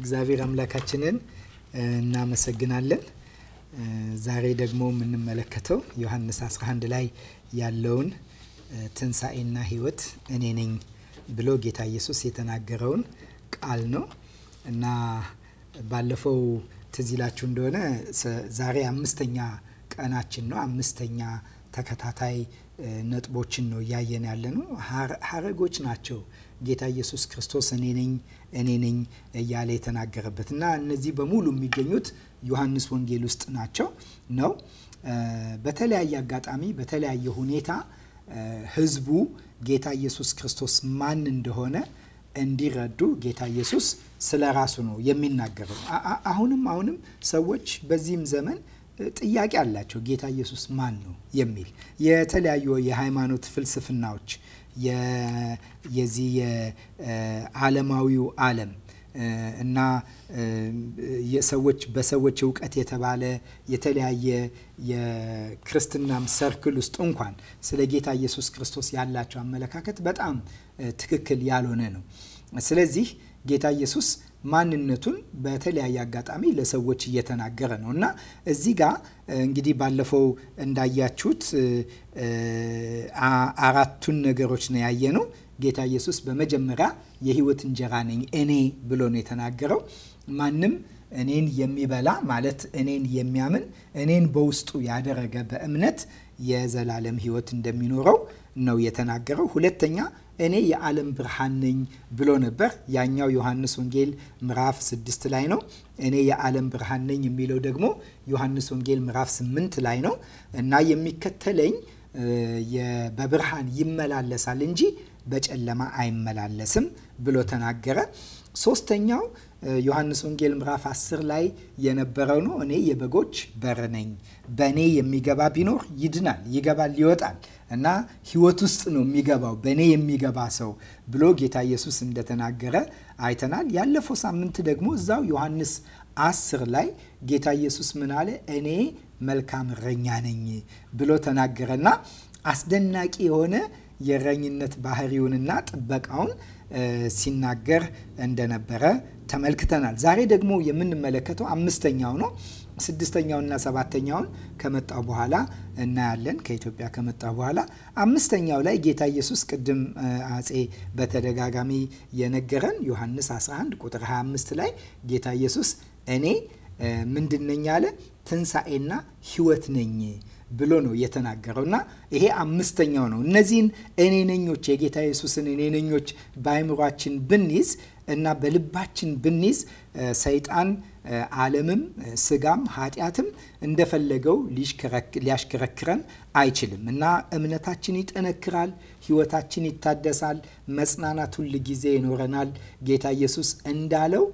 እግዚአብሔር አምላካችንን እናመሰግናለን። ዛሬ ደግሞ የምንመለከተው ዮሐንስ 11 ላይ ያለውን ትንሣኤና ሕይወት እኔ ነኝ ብሎ ጌታ ኢየሱስ የተናገረውን ቃል ነው እና ባለፈው ትዝ ይላችሁ እንደሆነ ዛሬ አምስተኛ ቀናችን ነው። አምስተኛ ተከታታይ ነጥቦችን ነው እያየን ያለ ነው። ሀረጎች ናቸው ጌታ ኢየሱስ ክርስቶስ እኔ ነኝ እኔ ነኝ እያለ የተናገረበት እና እነዚህ በሙሉ የሚገኙት ዮሐንስ ወንጌል ውስጥ ናቸው ነው በተለያየ አጋጣሚ በተለያየ ሁኔታ ህዝቡ ጌታ ኢየሱስ ክርስቶስ ማን እንደሆነ እንዲረዱ ጌታ ኢየሱስ ስለ ራሱ ነው የሚናገረው። አሁንም አሁንም ሰዎች በዚህም ዘመን ጥያቄ አላቸው ጌታ ኢየሱስ ማን ነው የሚል የተለያዩ የሃይማኖት ፍልስፍናዎች የዚህ የዓለማዊው ዓለም እና የሰዎች በሰዎች እውቀት የተባለ የተለያየ የክርስትናም ሰርክል ውስጥ እንኳን ስለ ጌታ ኢየሱስ ክርስቶስ ያላቸው አመለካከት በጣም ትክክል ያልሆነ ነው። ስለዚህ ጌታ ኢየሱስ ማንነቱን በተለያየ አጋጣሚ ለሰዎች እየተናገረ ነው እና እዚህ ጋር እንግዲህ ባለፈው እንዳያችሁት አራቱን ነገሮች ነው ነው። ጌታ ኢየሱስ በመጀመሪያ የህይወት እንጀራ ነኝ እኔ ብሎ ነው የተናገረው። ማንም እኔን የሚበላ ማለት እኔን የሚያምን እኔን በውስጡ ያደረገ በእምነት የዘላለም ህይወት እንደሚኖረው ነው የተናገረው። ሁለተኛ እኔ የዓለም ብርሃን ነኝ ብሎ ነበር። ያኛው ዮሐንስ ወንጌል ምዕራፍ ስድስት ላይ ነው። እኔ የዓለም ብርሃን ነኝ የሚለው ደግሞ ዮሐንስ ወንጌል ምዕራፍ ስምንት ላይ ነው እና የሚከተለኝ በብርሃን ይመላለሳል እንጂ በጨለማ አይመላለስም ብሎ ተናገረ። ሶስተኛው ዮሐንስ ወንጌል ምዕራፍ 10 ላይ የነበረው ነው። እኔ የበጎች በር ነኝ፣ በእኔ የሚገባ ቢኖር ይድናል፣ ይገባል፣ ይወጣል እና ህይወት ውስጥ ነው የሚገባው በእኔ የሚገባ ሰው ብሎ ጌታ ኢየሱስ እንደተናገረ አይተናል። ያለፈው ሳምንት ደግሞ እዛው ዮሐንስ አስር ላይ ጌታ ኢየሱስ ምን አለ? እኔ መልካም እረኛ ነኝ ብሎ ተናገረና አስደናቂ የሆነ የእረኝነት ባህሪውንና ጥበቃውን ሲናገር እንደነበረ ተመልክተናል። ዛሬ ደግሞ የምንመለከተው አምስተኛው ነው። ስድስተኛውና ሰባተኛውን ከመጣው በኋላ እናያለን። ከኢትዮጵያ ከመጣው በኋላ አምስተኛው ላይ ጌታ ኢየሱስ ቅድም አጼ በተደጋጋሚ የነገረን ዮሐንስ 11 ቁጥር 25 ላይ ጌታ ኢየሱስ እኔ ምንድነኝ አለ ትንሣኤና ሕይወት ነኝ ብሎ ነው የተናገረው እና ይሄ አምስተኛው ነው። እነዚህን እኔነኞች የጌታ ኢየሱስን እኔነኞች በአይምሯችን ብንይዝ እና በልባችን ብንይዝ ሰይጣን ዓለምም ስጋም ኃጢአትም እንደፈለገው ሊያሽከረክረን አይችልም እና እምነታችን ይጠነክራል፣ ህይወታችን ይታደሳል፣ መጽናናት ሁል ጊዜ ይኖረናል። ጌታ ኢየሱስ እንዳለው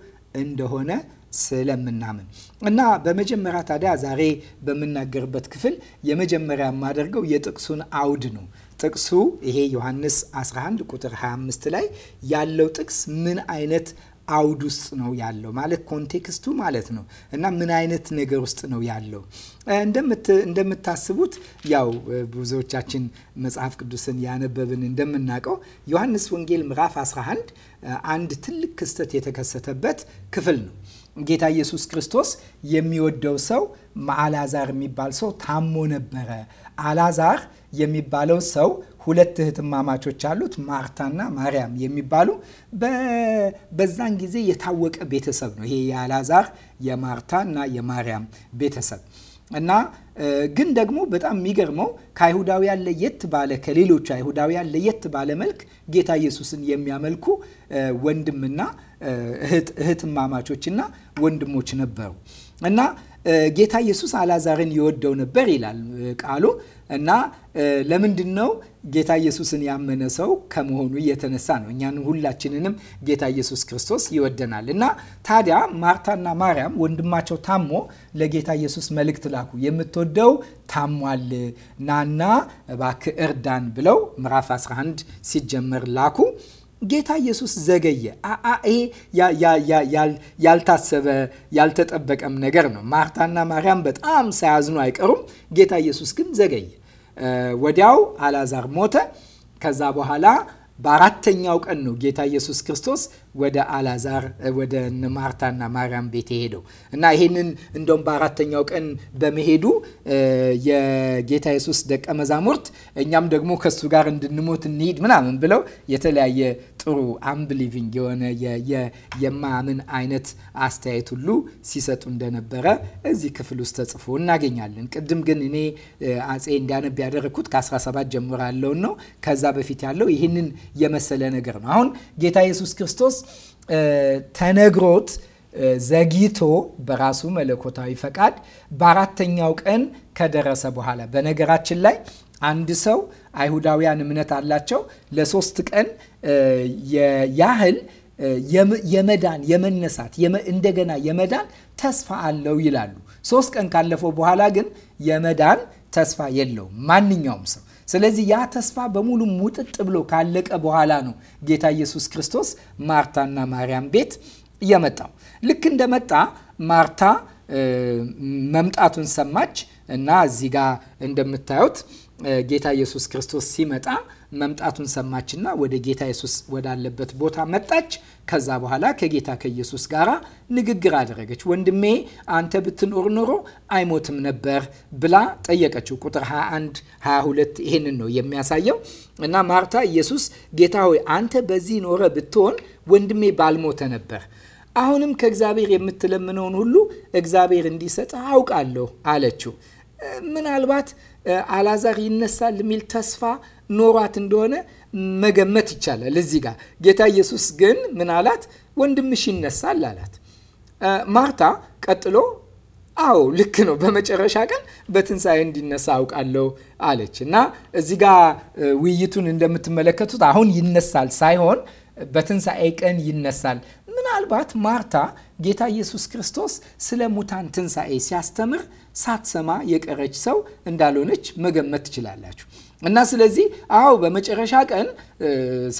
እንደሆነ ስለምናምን እና በመጀመሪያ ታዲያ ዛሬ በምናገርበት ክፍል የመጀመሪያ የማደርገው የጥቅሱን አውድ ነው። ጥቅሱ ይሄ ዮሐንስ 11 ቁጥር 25 ላይ ያለው ጥቅስ ምን አይነት አውድ ውስጥ ነው ያለው? ማለት ኮንቴክስቱ ማለት ነው እና ምን አይነት ነገር ውስጥ ነው ያለው? እንደምታስቡት ያው ብዙዎቻችን መጽሐፍ ቅዱስን ያነበብን እንደምናውቀው ዮሐንስ ወንጌል ምዕራፍ 11 አንድ ትልቅ ክስተት የተከሰተበት ክፍል ነው። ጌታ ኢየሱስ ክርስቶስ የሚወደው ሰው አልዓዛር የሚባል ሰው ታሞ ነበረ። አልዓዛር የሚባለው ሰው ሁለት እህትማማቾች አሉት፣ ማርታና ማርያም የሚባሉ በዛን ጊዜ የታወቀ ቤተሰብ ነው። ይሄ የአልዓዛር የማርታና የማርያም ቤተሰብ እና ግን ደግሞ በጣም የሚገርመው ከአይሁዳውያን ለየት ባለ ከሌሎቹ አይሁዳውያን ለየት ባለ መልክ ጌታ ኢየሱስን የሚያመልኩ ወንድምና እህትማማቾች እና ወንድሞች ነበሩ እና ጌታ ኢየሱስ አላዛርን ይወደው ነበር ይላል ቃሉ። እና ለምንድን ነው ጌታ ኢየሱስን ያመነ ሰው ከመሆኑ እየተነሳ ነው። እኛን ሁላችንንም ጌታ ኢየሱስ ክርስቶስ ይወደናል። እና ታዲያ ማርታና ማርያም ወንድማቸው ታሞ ለጌታ ኢየሱስ መልእክት ላኩ። የምትወደው ታሟል፣ ናና እባክህ እርዳን ብለው ምዕራፍ 11 ሲጀመር ላኩ። ጌታ ኢየሱስ ዘገየ። ይሄ ያልታሰበ ያልተጠበቀም ነገር ነው። ማርታና ማርያም በጣም ሳያዝኑ አይቀሩም። ጌታ ኢየሱስ ግን ዘገየ። ወዲያው አላዛር ሞተ። ከዛ በኋላ በአራተኛው ቀን ነው ጌታ ኢየሱስ ክርስቶስ ወደ አላዛር ወደ ማርታና ማርያም ቤት የሄደው እና ይህንን እንደውም በአራተኛው ቀን በመሄዱ የጌታ ኢየሱስ ደቀ መዛሙርት እኛም ደግሞ ከሱ ጋር እንድንሞት እንሂድ ምናምን ብለው የተለያየ ጥሩ አምብሊቪንግ የሆነ የማምን አይነት አስተያየት ሁሉ ሲሰጡ እንደነበረ እዚህ ክፍል ውስጥ ተጽፎ እናገኛለን። ቅድም ግን እኔ አፄ እንዲያነብ ያደረግኩት ከ17 ጀምሮ ያለውን ነው። ከዛ በፊት ያለው ይህንን የመሰለ ነገር ነው። አሁን ጌታ ኢየሱስ ክርስቶስ ተነግሮት ዘግይቶ በራሱ መለኮታዊ ፈቃድ በአራተኛው ቀን ከደረሰ በኋላ በነገራችን ላይ አንድ ሰው አይሁዳውያን እምነት አላቸው። ለሶስት ቀን ያህል የመዳን የመነሳት እንደገና የመዳን ተስፋ አለው ይላሉ። ሶስት ቀን ካለፈው በኋላ ግን የመዳን ተስፋ የለውም ማንኛውም ሰው። ስለዚህ ያ ተስፋ በሙሉ ሙጥጥ ብሎ ካለቀ በኋላ ነው ጌታ ኢየሱስ ክርስቶስ ማርታና ማርያም ቤት የመጣው። ልክ እንደመጣ ማርታ መምጣቱን ሰማች እና እዚህ ጋር እንደምታዩት ጌታ ኢየሱስ ክርስቶስ ሲመጣ መምጣቱን ሰማችና ወደ ጌታ ኢየሱስ ወዳለበት ቦታ መጣች። ከዛ በኋላ ከጌታ ከኢየሱስ ጋር ንግግር አደረገች። ወንድሜ አንተ ብትኖር ኖሮ አይሞትም ነበር ብላ ጠየቀችው። ቁጥር 21፣ 22 ይህንን ነው የሚያሳየው እና ማርታ ኢየሱስ ጌታ ሆይ አንተ በዚህ ኖረ ብትሆን ወንድሜ ባልሞተ ነበር አሁንም ከእግዚአብሔር የምትለምነውን ሁሉ እግዚአብሔር እንዲሰጥ አውቃለሁ አለችው። ምናልባት አላዛር ይነሳል የሚል ተስፋ ኖሯት እንደሆነ መገመት ይቻላል። እዚህ ጋር ጌታ ኢየሱስ ግን ምን አላት? ወንድምሽ ይነሳል አላት። ማርታ ቀጥሎ አዎ ልክ ነው፣ በመጨረሻ ቀን በትንሣኤ እንዲነሳ አውቃለሁ አለች እና እዚህ ጋ ውይይቱን እንደምትመለከቱት አሁን ይነሳል ሳይሆን በትንሣኤ ቀን ይነሳል። ምናልባት ማርታ ጌታ ኢየሱስ ክርስቶስ ስለ ሙታን ትንሣኤ ሲያስተምር ሳትሰማ የቀረች ሰው እንዳልሆነች መገመት ትችላላችሁ። እና ስለዚህ አዎ በመጨረሻ ቀን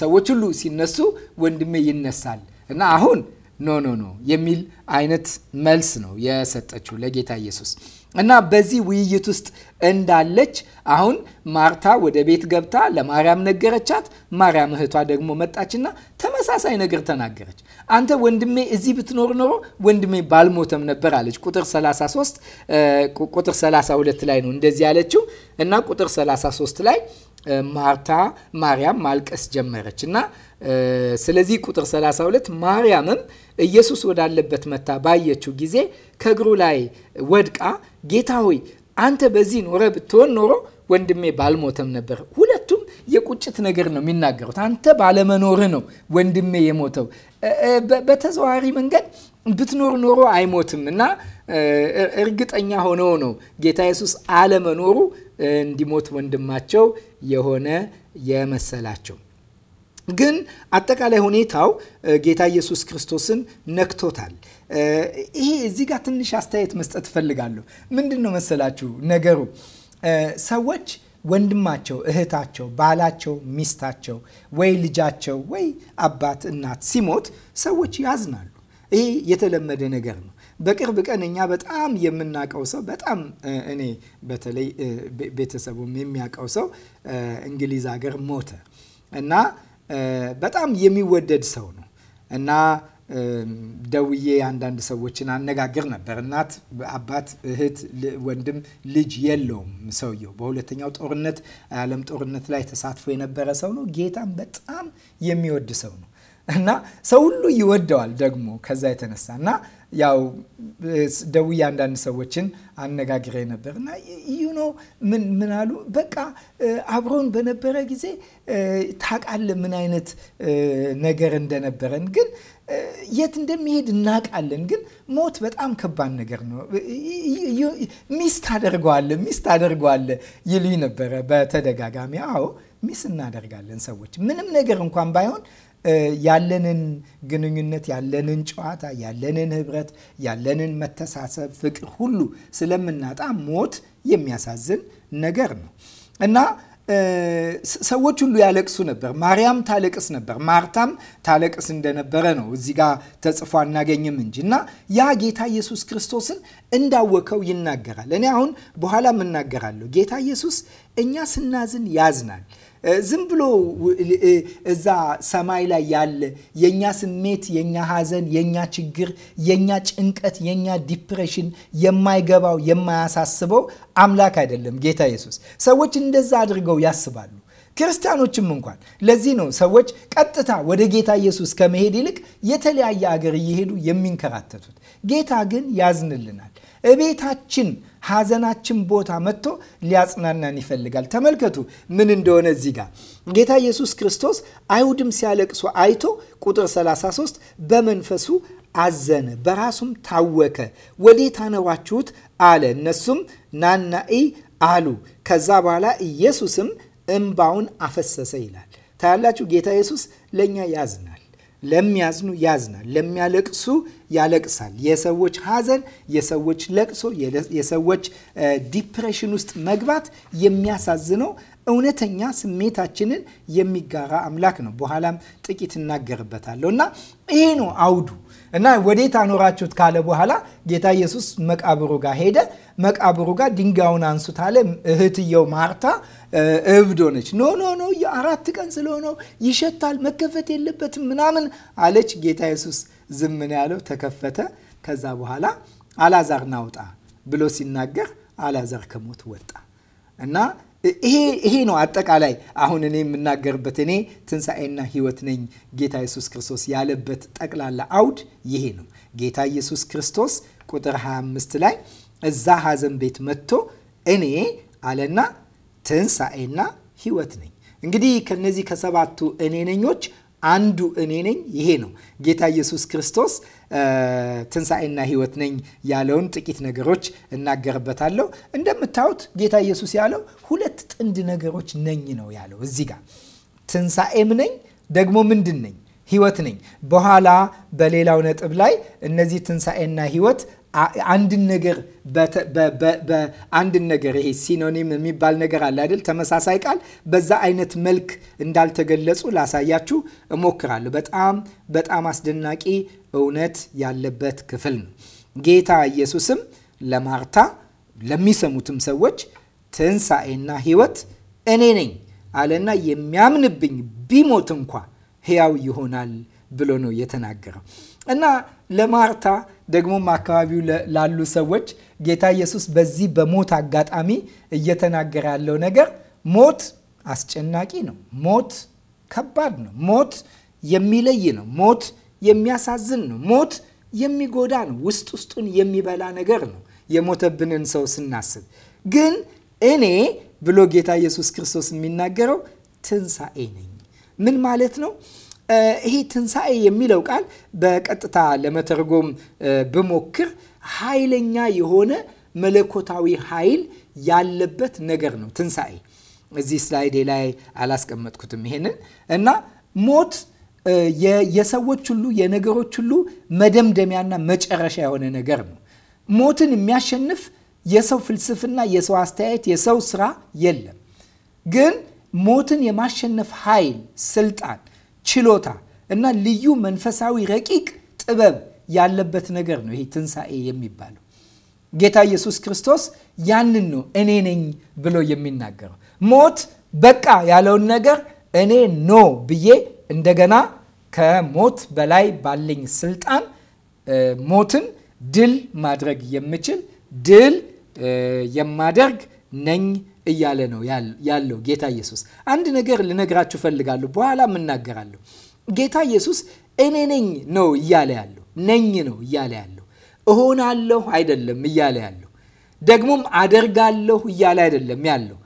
ሰዎች ሁሉ ሲነሱ ወንድሜ ይነሳል እና አሁን ኖ ኖ ኖ የሚል አይነት መልስ ነው የሰጠችው ለጌታ ኢየሱስ። እና በዚህ ውይይት ውስጥ እንዳለች አሁን ማርታ ወደ ቤት ገብታ ለማርያም ነገረቻት። ማርያም እህቷ ደግሞ መጣችና ተመሳሳይ ነገር ተናገረች። አንተ ወንድሜ እዚህ ብትኖር ኖሮ ወንድሜ ባልሞተም ነበር አለች። ቁጥር 33 ቁጥር 32 ላይ ነው እንደዚህ ያለችው እና ቁጥር 33 ላይ ማርታ ማርያም ማልቀስ ጀመረች እና ስለዚህ ቁጥር 32 ማርያምም ኢየሱስ ወዳለበት መታ ባየችው ጊዜ ከእግሩ ላይ ወድቃ ጌታ ሆይ አንተ በዚህ ኖረ ብትሆን ኖሮ ወንድሜ ባልሞተም ነበር። የቁጭት ነገር ነው የሚናገሩት። አንተ ባለመኖር ነው ወንድሜ የሞተው። በተዘዋዋሪ መንገድ ብትኖር ኖሮ አይሞትም እና እርግጠኛ ሆነው ነው ጌታ ኢየሱስ አለመኖሩ እንዲሞት ወንድማቸው የሆነ የመሰላቸው። ግን አጠቃላይ ሁኔታው ጌታ ኢየሱስ ክርስቶስን ነክቶታል። ይሄ እዚህ ጋር ትንሽ አስተያየት መስጠት እፈልጋለሁ። ምንድን ነው መሰላችሁ ነገሩ ሰዎች ወንድማቸው፣ እህታቸው፣ ባላቸው፣ ሚስታቸው ወይ ልጃቸው ወይ አባት፣ እናት ሲሞት ሰዎች ያዝናሉ። ይህ የተለመደ ነገር ነው። በቅርብ ቀን እኛ በጣም የምናውቀው ሰው በጣም እኔ በተለይ ቤተሰቡም የሚያውቀው ሰው እንግሊዝ ሀገር ሞተ እና በጣም የሚወደድ ሰው ነው እና ደውዬ አንዳንድ ሰዎችን አነጋግር ነበር። እናት፣ አባት፣ እህት፣ ወንድም፣ ልጅ የለውም ሰውየው። በሁለተኛው ጦርነት ዓለም ጦርነት ላይ ተሳትፎ የነበረ ሰው ነው። ጌታን በጣም የሚወድ ሰው ነው እና ሰው ሁሉ ይወደዋል ደግሞ ከዛ የተነሳ እና ያው ደውዬ አንዳንድ ሰዎችን አነጋግሬ ነበር እና ዩኖ ምን ምን አሉ፣ በቃ አብሮን በነበረ ጊዜ ታውቃለህ ምን አይነት ነገር እንደነበረን ግን የት እንደሚሄድ እናውቃለን። ግን ሞት በጣም ከባድ ነገር ነው። ሚስ ታደርገዋለህ፣ ሚስ ታደርገዋለህ ይሉኝ ነበረ በተደጋጋሚ። አዎ ሚስ እናደርጋለን ሰዎች ምንም ነገር እንኳን ባይሆን ያለንን ግንኙነት ያለንን ጨዋታ ያለንን ህብረት ያለንን መተሳሰብ ፍቅር ሁሉ ስለምናጣ ሞት የሚያሳዝን ነገር ነው እና ሰዎች ሁሉ ያለቅሱ ነበር። ማርያም ታለቅስ ነበር፣ ማርታም ታለቅስ እንደነበረ ነው እዚህ ጋር ተጽፎ አናገኝም እንጂ እና ያ ጌታ ኢየሱስ ክርስቶስን እንዳወከው ይናገራል። እኔ አሁን በኋላም እናገራለሁ። ጌታ ኢየሱስ እኛ ስናዝን ያዝናል። ዝም ብሎ እዛ ሰማይ ላይ ያለ የእኛ ስሜት፣ የእኛ ሐዘን፣ የእኛ ችግር፣ የእኛ ጭንቀት፣ የእኛ ዲፕሬሽን የማይገባው የማያሳስበው አምላክ አይደለም ጌታ ኢየሱስ። ሰዎች እንደዛ አድርገው ያስባሉ። ክርስቲያኖችም እንኳን ለዚህ ነው ሰዎች ቀጥታ ወደ ጌታ ኢየሱስ ከመሄድ ይልቅ የተለያየ አገር እየሄዱ የሚንከራተቱት። ጌታ ግን ያዝንልናል እቤታችን ሐዘናችን ቦታ መጥቶ ሊያጽናናን ይፈልጋል። ተመልከቱ ምን እንደሆነ እዚህ ጋር ጌታ ኢየሱስ ክርስቶስ አይሁድም ሲያለቅሱ አይቶ ቁጥር 33 በመንፈሱ አዘነ፣ በራሱም ታወከ። ወዴት አኖራችሁት አለ። እነሱም ናናኢ አሉ። ከዛ በኋላ ኢየሱስም እምባውን አፈሰሰ ይላል። ታያላችሁ ጌታ ኢየሱስ ለእኛ ያዝነ ለሚያዝኑ ያዝናል፣ ለሚያለቅሱ ያለቅሳል። የሰዎች ሐዘን፣ የሰዎች ለቅሶ፣ የሰዎች ዲፕሬሽን ውስጥ መግባት የሚያሳዝነው እውነተኛ ስሜታችንን የሚጋራ አምላክ ነው። በኋላም ጥቂት እናገርበታለሁ እና ይሄ ነው አውዱ እና ወዴት አኖራችሁት ካለ በኋላ ጌታ ኢየሱስ መቃብሩ ጋር ሄደ። መቃብሩ ጋር ድንጋዩን አንሱት አለ። እህትየው ማርታ እብድ ሆነች። ኖ ኖ ኖ የአራት ቀን ስለሆነው ይሸታል፣ መከፈት የለበትም ምናምን አለች። ጌታ ኢየሱስ ዝምን ያለው። ተከፈተ። ከዛ በኋላ አላዛር ናውጣ ብሎ ሲናገር አላዛር ከሞት ወጣ እና ይሄ ነው አጠቃላይ አሁን እኔ የምናገርበት እኔ ትንሣኤና ህይወት ነኝ ጌታ ኢየሱስ ክርስቶስ ያለበት ጠቅላላ አውድ ይሄ ነው። ጌታ ኢየሱስ ክርስቶስ ቁጥር 25 ላይ እዛ ሐዘን ቤት መጥቶ እኔ አለና ትንሣኤና ህይወት ነኝ። እንግዲህ ከነዚህ ከሰባቱ እኔ ነኞች አንዱ እኔ ነኝ። ይሄ ነው ጌታ ኢየሱስ ክርስቶስ ትንሣኤና ህይወት ነኝ ያለውን ጥቂት ነገሮች እናገርበታለሁ። እንደምታዩት ጌታ ኢየሱስ ያለው ሁለት ጥንድ ነገሮች ነኝ ነው ያለው እዚህ ጋር ትንሣኤም ነኝ ደግሞ ምንድን ነኝ? ህይወት ነኝ። በኋላ በሌላው ነጥብ ላይ እነዚህ ትንሣኤና ህይወት አንድን ነገር በአንድን ነገር ይሄ ሲኖኒም የሚባል ነገር አለ አይደል? ተመሳሳይ ቃል በዛ አይነት መልክ እንዳልተገለጹ ላሳያችሁ እሞክራለሁ። በጣም በጣም አስደናቂ እውነት ያለበት ክፍል ነው። ጌታ ኢየሱስም ለማርታ ለሚሰሙትም ሰዎች ትንሣኤና ሕይወት እኔ ነኝ አለና የሚያምንብኝ ቢሞት እንኳ ሕያው ይሆናል ብሎ ነው የተናገረው። እና ለማርታ ደግሞም አካባቢው ላሉ ሰዎች ጌታ ኢየሱስ በዚህ በሞት አጋጣሚ እየተናገረ ያለው ነገር ሞት አስጨናቂ ነው። ሞት ከባድ ነው። ሞት የሚለይ ነው። ሞት የሚያሳዝን ነው። ሞት የሚጎዳ ነው። ውስጥ ውስጡን የሚበላ ነገር ነው። የሞተብንን ሰው ስናስብ ግን እኔ ብሎ ጌታ ኢየሱስ ክርስቶስ የሚናገረው ትንሣኤ ነኝ። ምን ማለት ነው? ይሄ ትንሣኤ የሚለው ቃል በቀጥታ ለመተርጎም ብሞክር ኃይለኛ የሆነ መለኮታዊ ኃይል ያለበት ነገር ነው ትንሣኤ። እዚህ ስላይዴ ላይ አላስቀመጥኩትም ይሄንን እና ሞት የሰዎች ሁሉ የነገሮች ሁሉ መደምደሚያና መጨረሻ የሆነ ነገር ነው። ሞትን የሚያሸንፍ የሰው ፍልስፍና፣ የሰው አስተያየት፣ የሰው ስራ የለም። ግን ሞትን የማሸነፍ ኃይል ስልጣን ችሎታ እና ልዩ መንፈሳዊ ረቂቅ ጥበብ ያለበት ነገር ነው ይሄ ትንሣኤ የሚባለው። ጌታ ኢየሱስ ክርስቶስ ያንን ነው እኔ ነኝ ብሎ የሚናገረው። ሞት በቃ ያለውን ነገር እኔ ኖ ብዬ እንደገና ከሞት በላይ ባለኝ ስልጣን ሞትን ድል ማድረግ የምችል ድል የማደርግ ነኝ እያለ ነው ያለው ጌታ ኢየሱስ። አንድ ነገር ልነግራችሁ ፈልጋለሁ፣ በኋላ እናገራለሁ። ጌታ ኢየሱስ እኔ ነኝ ነው እያለ ያለው፣ ነኝ ነው እያለ ያለው፣ እሆናለሁ አይደለም እያለ ያለው፣ ደግሞም አደርጋለሁ እያለ አይደለም ያለው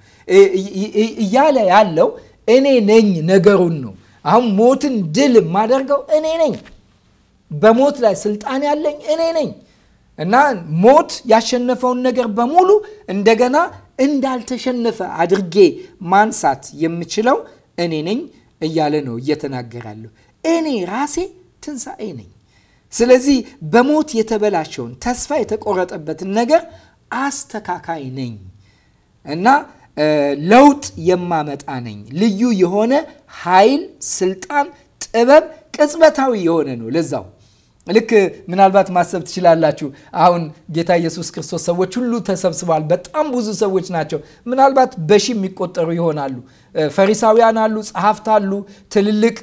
እያለ ያለው እኔ ነኝ ነገሩን ነው። አሁን ሞትን ድል የማደርገው እኔ ነኝ፣ በሞት ላይ ስልጣን ያለኝ እኔ ነኝ እና ሞት ያሸነፈውን ነገር በሙሉ እንደገና እንዳልተሸነፈ አድርጌ ማንሳት የምችለው እኔ ነኝ እያለ ነው እየተናገረ ያለው። እኔ ራሴ ትንሣኤ ነኝ። ስለዚህ በሞት የተበላሸውን ተስፋ የተቆረጠበትን ነገር አስተካካይ ነኝ እና ለውጥ የማመጣ ነኝ። ልዩ የሆነ ኃይል፣ ስልጣን፣ ጥበብ ቅጽበታዊ የሆነ ነው ለዛው ልክ ምናልባት ማሰብ ትችላላችሁ። አሁን ጌታ ኢየሱስ ክርስቶስ ሰዎች ሁሉ ተሰብስበዋል። በጣም ብዙ ሰዎች ናቸው። ምናልባት በሺ የሚቆጠሩ ይሆናሉ። ፈሪሳውያን አሉ፣ ጸሐፍት አሉ፣ ትልልቅ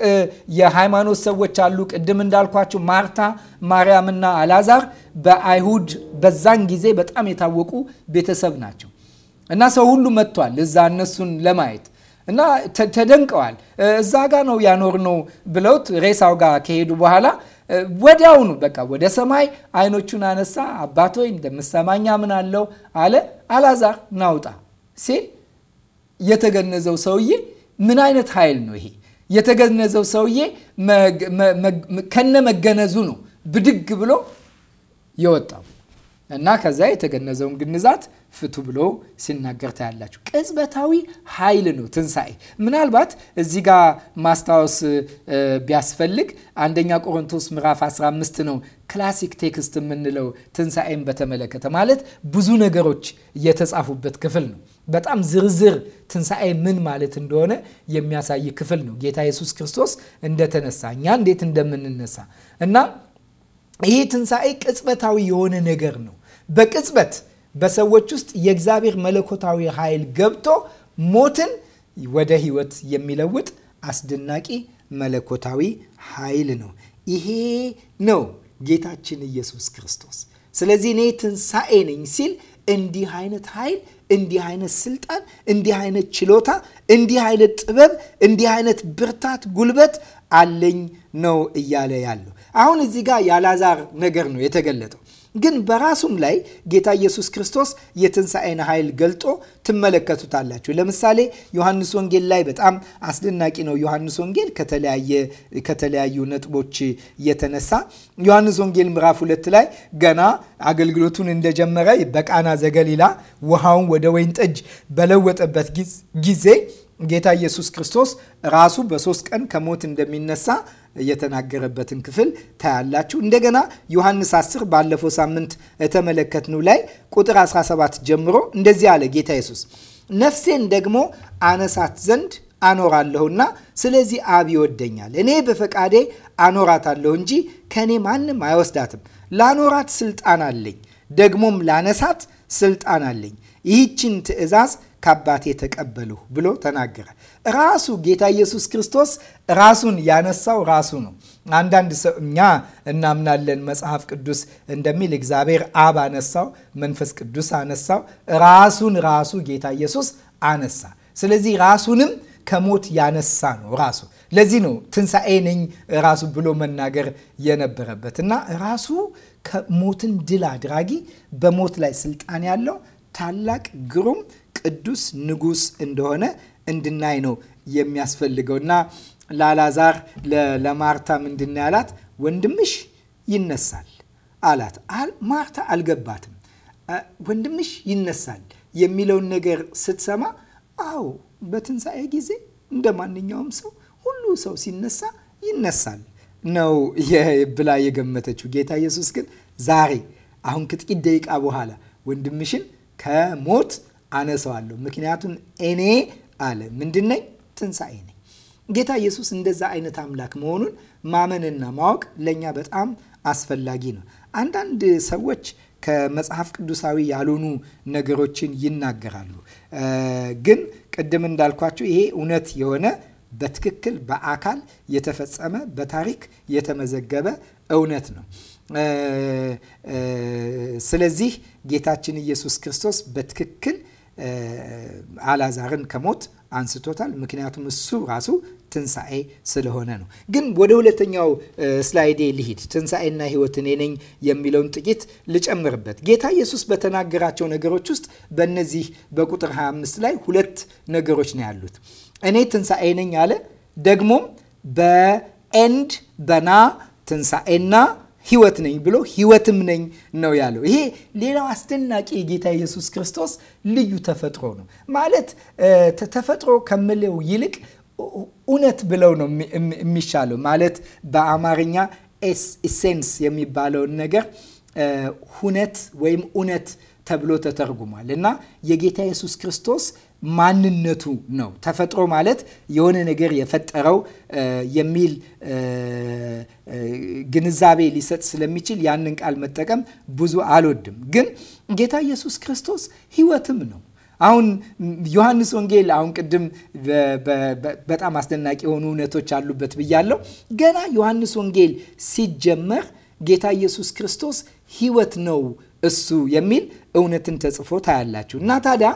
የሃይማኖት ሰዎች አሉ። ቅድም እንዳልኳቸው ማርታ፣ ማርያምና አላዛር በአይሁድ በዛን ጊዜ በጣም የታወቁ ቤተሰብ ናቸው እና ሰው ሁሉ መጥቷል እዛ እነሱን ለማየት እና ተደንቀዋል። እዛ ጋ ነው ያኖር ነው ብለውት ሬሳው ጋር ከሄዱ በኋላ ወዲያውኑ በቃ ወደ ሰማይ አይኖቹን አነሳ። አባት ሆይ ምን አለው አለ። አላዛር ናውጣ ሲል የተገነዘው ሰውዬ ምን አይነት ኃይል ነው ይሄ? የተገነዘው ሰውዬ ከነ መገነዙ ነው ብድግ ብሎ የወጣው። እና ከዛ የተገነዘውን ግንዛት ፍቱ ብሎ ሲናገር ታያላችሁ። ቅጽበታዊ ኃይል ነው ትንሣኤ። ምናልባት እዚህ ጋር ማስታወስ ቢያስፈልግ አንደኛ ቆሮንቶስ ምዕራፍ 15 ነው ክላሲክ ቴክስት የምንለው ትንሣኤን በተመለከተ ማለት ብዙ ነገሮች የተጻፉበት ክፍል ነው። በጣም ዝርዝር ትንሣኤ ምን ማለት እንደሆነ የሚያሳይ ክፍል ነው። ጌታ ኢየሱስ ክርስቶስ እንደተነሳ እኛ እንዴት እንደምንነሳ እና ይሄ ትንሣኤ ቅጽበታዊ የሆነ ነገር ነው በቅጽበት በሰዎች ውስጥ የእግዚአብሔር መለኮታዊ ኃይል ገብቶ ሞትን ወደ ህይወት የሚለውጥ አስደናቂ መለኮታዊ ኃይል ነው። ይሄ ነው ጌታችን ኢየሱስ ክርስቶስ። ስለዚህ እኔ ትንሣኤ ነኝ ሲል እንዲህ አይነት ኃይል፣ እንዲህ አይነት ስልጣን፣ እንዲህ አይነት ችሎታ፣ እንዲህ አይነት ጥበብ፣ እንዲህ አይነት ብርታት፣ ጉልበት አለኝ ነው እያለ ያለው። አሁን እዚህ ጋር የአላዛር ነገር ነው የተገለጠው። ግን በራሱም ላይ ጌታ ኢየሱስ ክርስቶስ የትንሣኤን ኃይል ገልጦ ትመለከቱታላችሁ። ለምሳሌ ዮሐንስ ወንጌል ላይ በጣም አስደናቂ ነው። ዮሐንስ ወንጌል ከተለያዩ ነጥቦች የተነሳ ዮሐንስ ወንጌል ምዕራፍ ሁለት ላይ ገና አገልግሎቱን እንደጀመረ በቃና ዘገሊላ ውሃውን ወደ ወይን ጠጅ በለወጠበት ጊዜ ጌታ ኢየሱስ ክርስቶስ ራሱ በሶስት ቀን ከሞት እንደሚነሳ የተናገረበትን ክፍል ታያላችሁ። እንደገና ዮሐንስ 10 ባለፈው ሳምንት የተመለከትነው ላይ ቁጥር 17 ጀምሮ እንደዚህ አለ ጌታ ኢየሱስ ነፍሴን ደግሞ አነሳት ዘንድ አኖራለሁና ስለዚህ አብ ይወደኛል። እኔ በፈቃዴ አኖራታለሁ እንጂ ከእኔ ማንም አይወስዳትም። ላኖራት ስልጣን አለኝ፣ ደግሞም ላነሳት ስልጣን አለኝ። ይህችን ትእዛዝ ከአባቴ ተቀበልሁ ብሎ ተናገረ። ራሱ ጌታ ኢየሱስ ክርስቶስ ራሱን ያነሳው ራሱ ነው። አንዳንድ ሰው እኛ እናምናለን፣ መጽሐፍ ቅዱስ እንደሚል እግዚአብሔር አብ አነሳው፣ መንፈስ ቅዱስ አነሳው፣ ራሱን ራሱ ጌታ ኢየሱስ አነሳ። ስለዚህ ራሱንም ከሞት ያነሳ ነው ራሱ። ለዚህ ነው ትንሣኤ ነኝ ራሱ ብሎ መናገር የነበረበት እና ራሱ ከሞትን ድል አድራጊ በሞት ላይ ስልጣን ያለው ታላቅ ግሩም ቅዱስ ንጉስ እንደሆነ እንድናይ ነው የሚያስፈልገው እና ለአላዛር ለማርታ ምንድን ያላት? ወንድምሽ ይነሳል አላት። ማርታ አልገባትም። ወንድምሽ ይነሳል የሚለውን ነገር ስትሰማ አዎ በትንሣኤ ጊዜ እንደ ማንኛውም ሰው ሁሉ ሰው ሲነሳ ይነሳል ነው ብላ የገመተችው። ጌታ ኢየሱስ ግን ዛሬ አሁን ከጥቂት ደቂቃ በኋላ ወንድምሽን ከሞት አነሰዋለሁ። ምክንያቱም እኔ አለ ምንድነኝ? ትንሣኤ ነኝ። ጌታ ኢየሱስ እንደዛ አይነት አምላክ መሆኑን ማመንና ማወቅ ለእኛ በጣም አስፈላጊ ነው። አንዳንድ ሰዎች ከመጽሐፍ ቅዱሳዊ ያልሆኑ ነገሮችን ይናገራሉ። ግን ቅድም እንዳልኳቸው ይሄ እውነት የሆነ በትክክል በአካል የተፈጸመ በታሪክ የተመዘገበ እውነት ነው። ስለዚህ ጌታችን ኢየሱስ ክርስቶስ በትክክል አላዛርን ከሞት አንስቶታል። ምክንያቱም እሱ ራሱ ትንሣኤ ስለሆነ ነው። ግን ወደ ሁለተኛው ስላይዴ ልሂድ። ትንሣኤና ሕይወት እኔ ነኝ የሚለውን ጥቂት ልጨምርበት። ጌታ ኢየሱስ በተናገራቸው ነገሮች ውስጥ በእነዚህ በቁጥር 25 ላይ ሁለት ነገሮች ነው ያሉት። እኔ ትንሣኤ ነኝ አለ። ደግሞም በኤንድ በና ትንሣኤና ህይወት ነኝ ብሎ ህይወትም ነኝ ነው ያለው። ይሄ ሌላው አስደናቂ የጌታ ኢየሱስ ክርስቶስ ልዩ ተፈጥሮ ነው። ማለት ተፈጥሮ ከምለው ይልቅ እውነት ብለው ነው የሚሻለው። ማለት በአማርኛ ኤሴንስ የሚባለውን ነገር ሁነት ወይም እውነት ተብሎ ተተርጉሟል እና የጌታ ኢየሱስ ክርስቶስ ማንነቱ ነው። ተፈጥሮ ማለት የሆነ ነገር የፈጠረው የሚል ግንዛቤ ሊሰጥ ስለሚችል ያንን ቃል መጠቀም ብዙ አልወድም። ግን ጌታ ኢየሱስ ክርስቶስ ሕይወትም ነው። አሁን ዮሐንስ ወንጌል አሁን ቅድም በጣም አስደናቂ የሆኑ እውነቶች አሉበት ብያለሁ። ገና ዮሐንስ ወንጌል ሲጀመር ጌታ ኢየሱስ ክርስቶስ ሕይወት ነው እሱ የሚል እውነትን ተጽፎ ታያላችሁ እና ታዲያ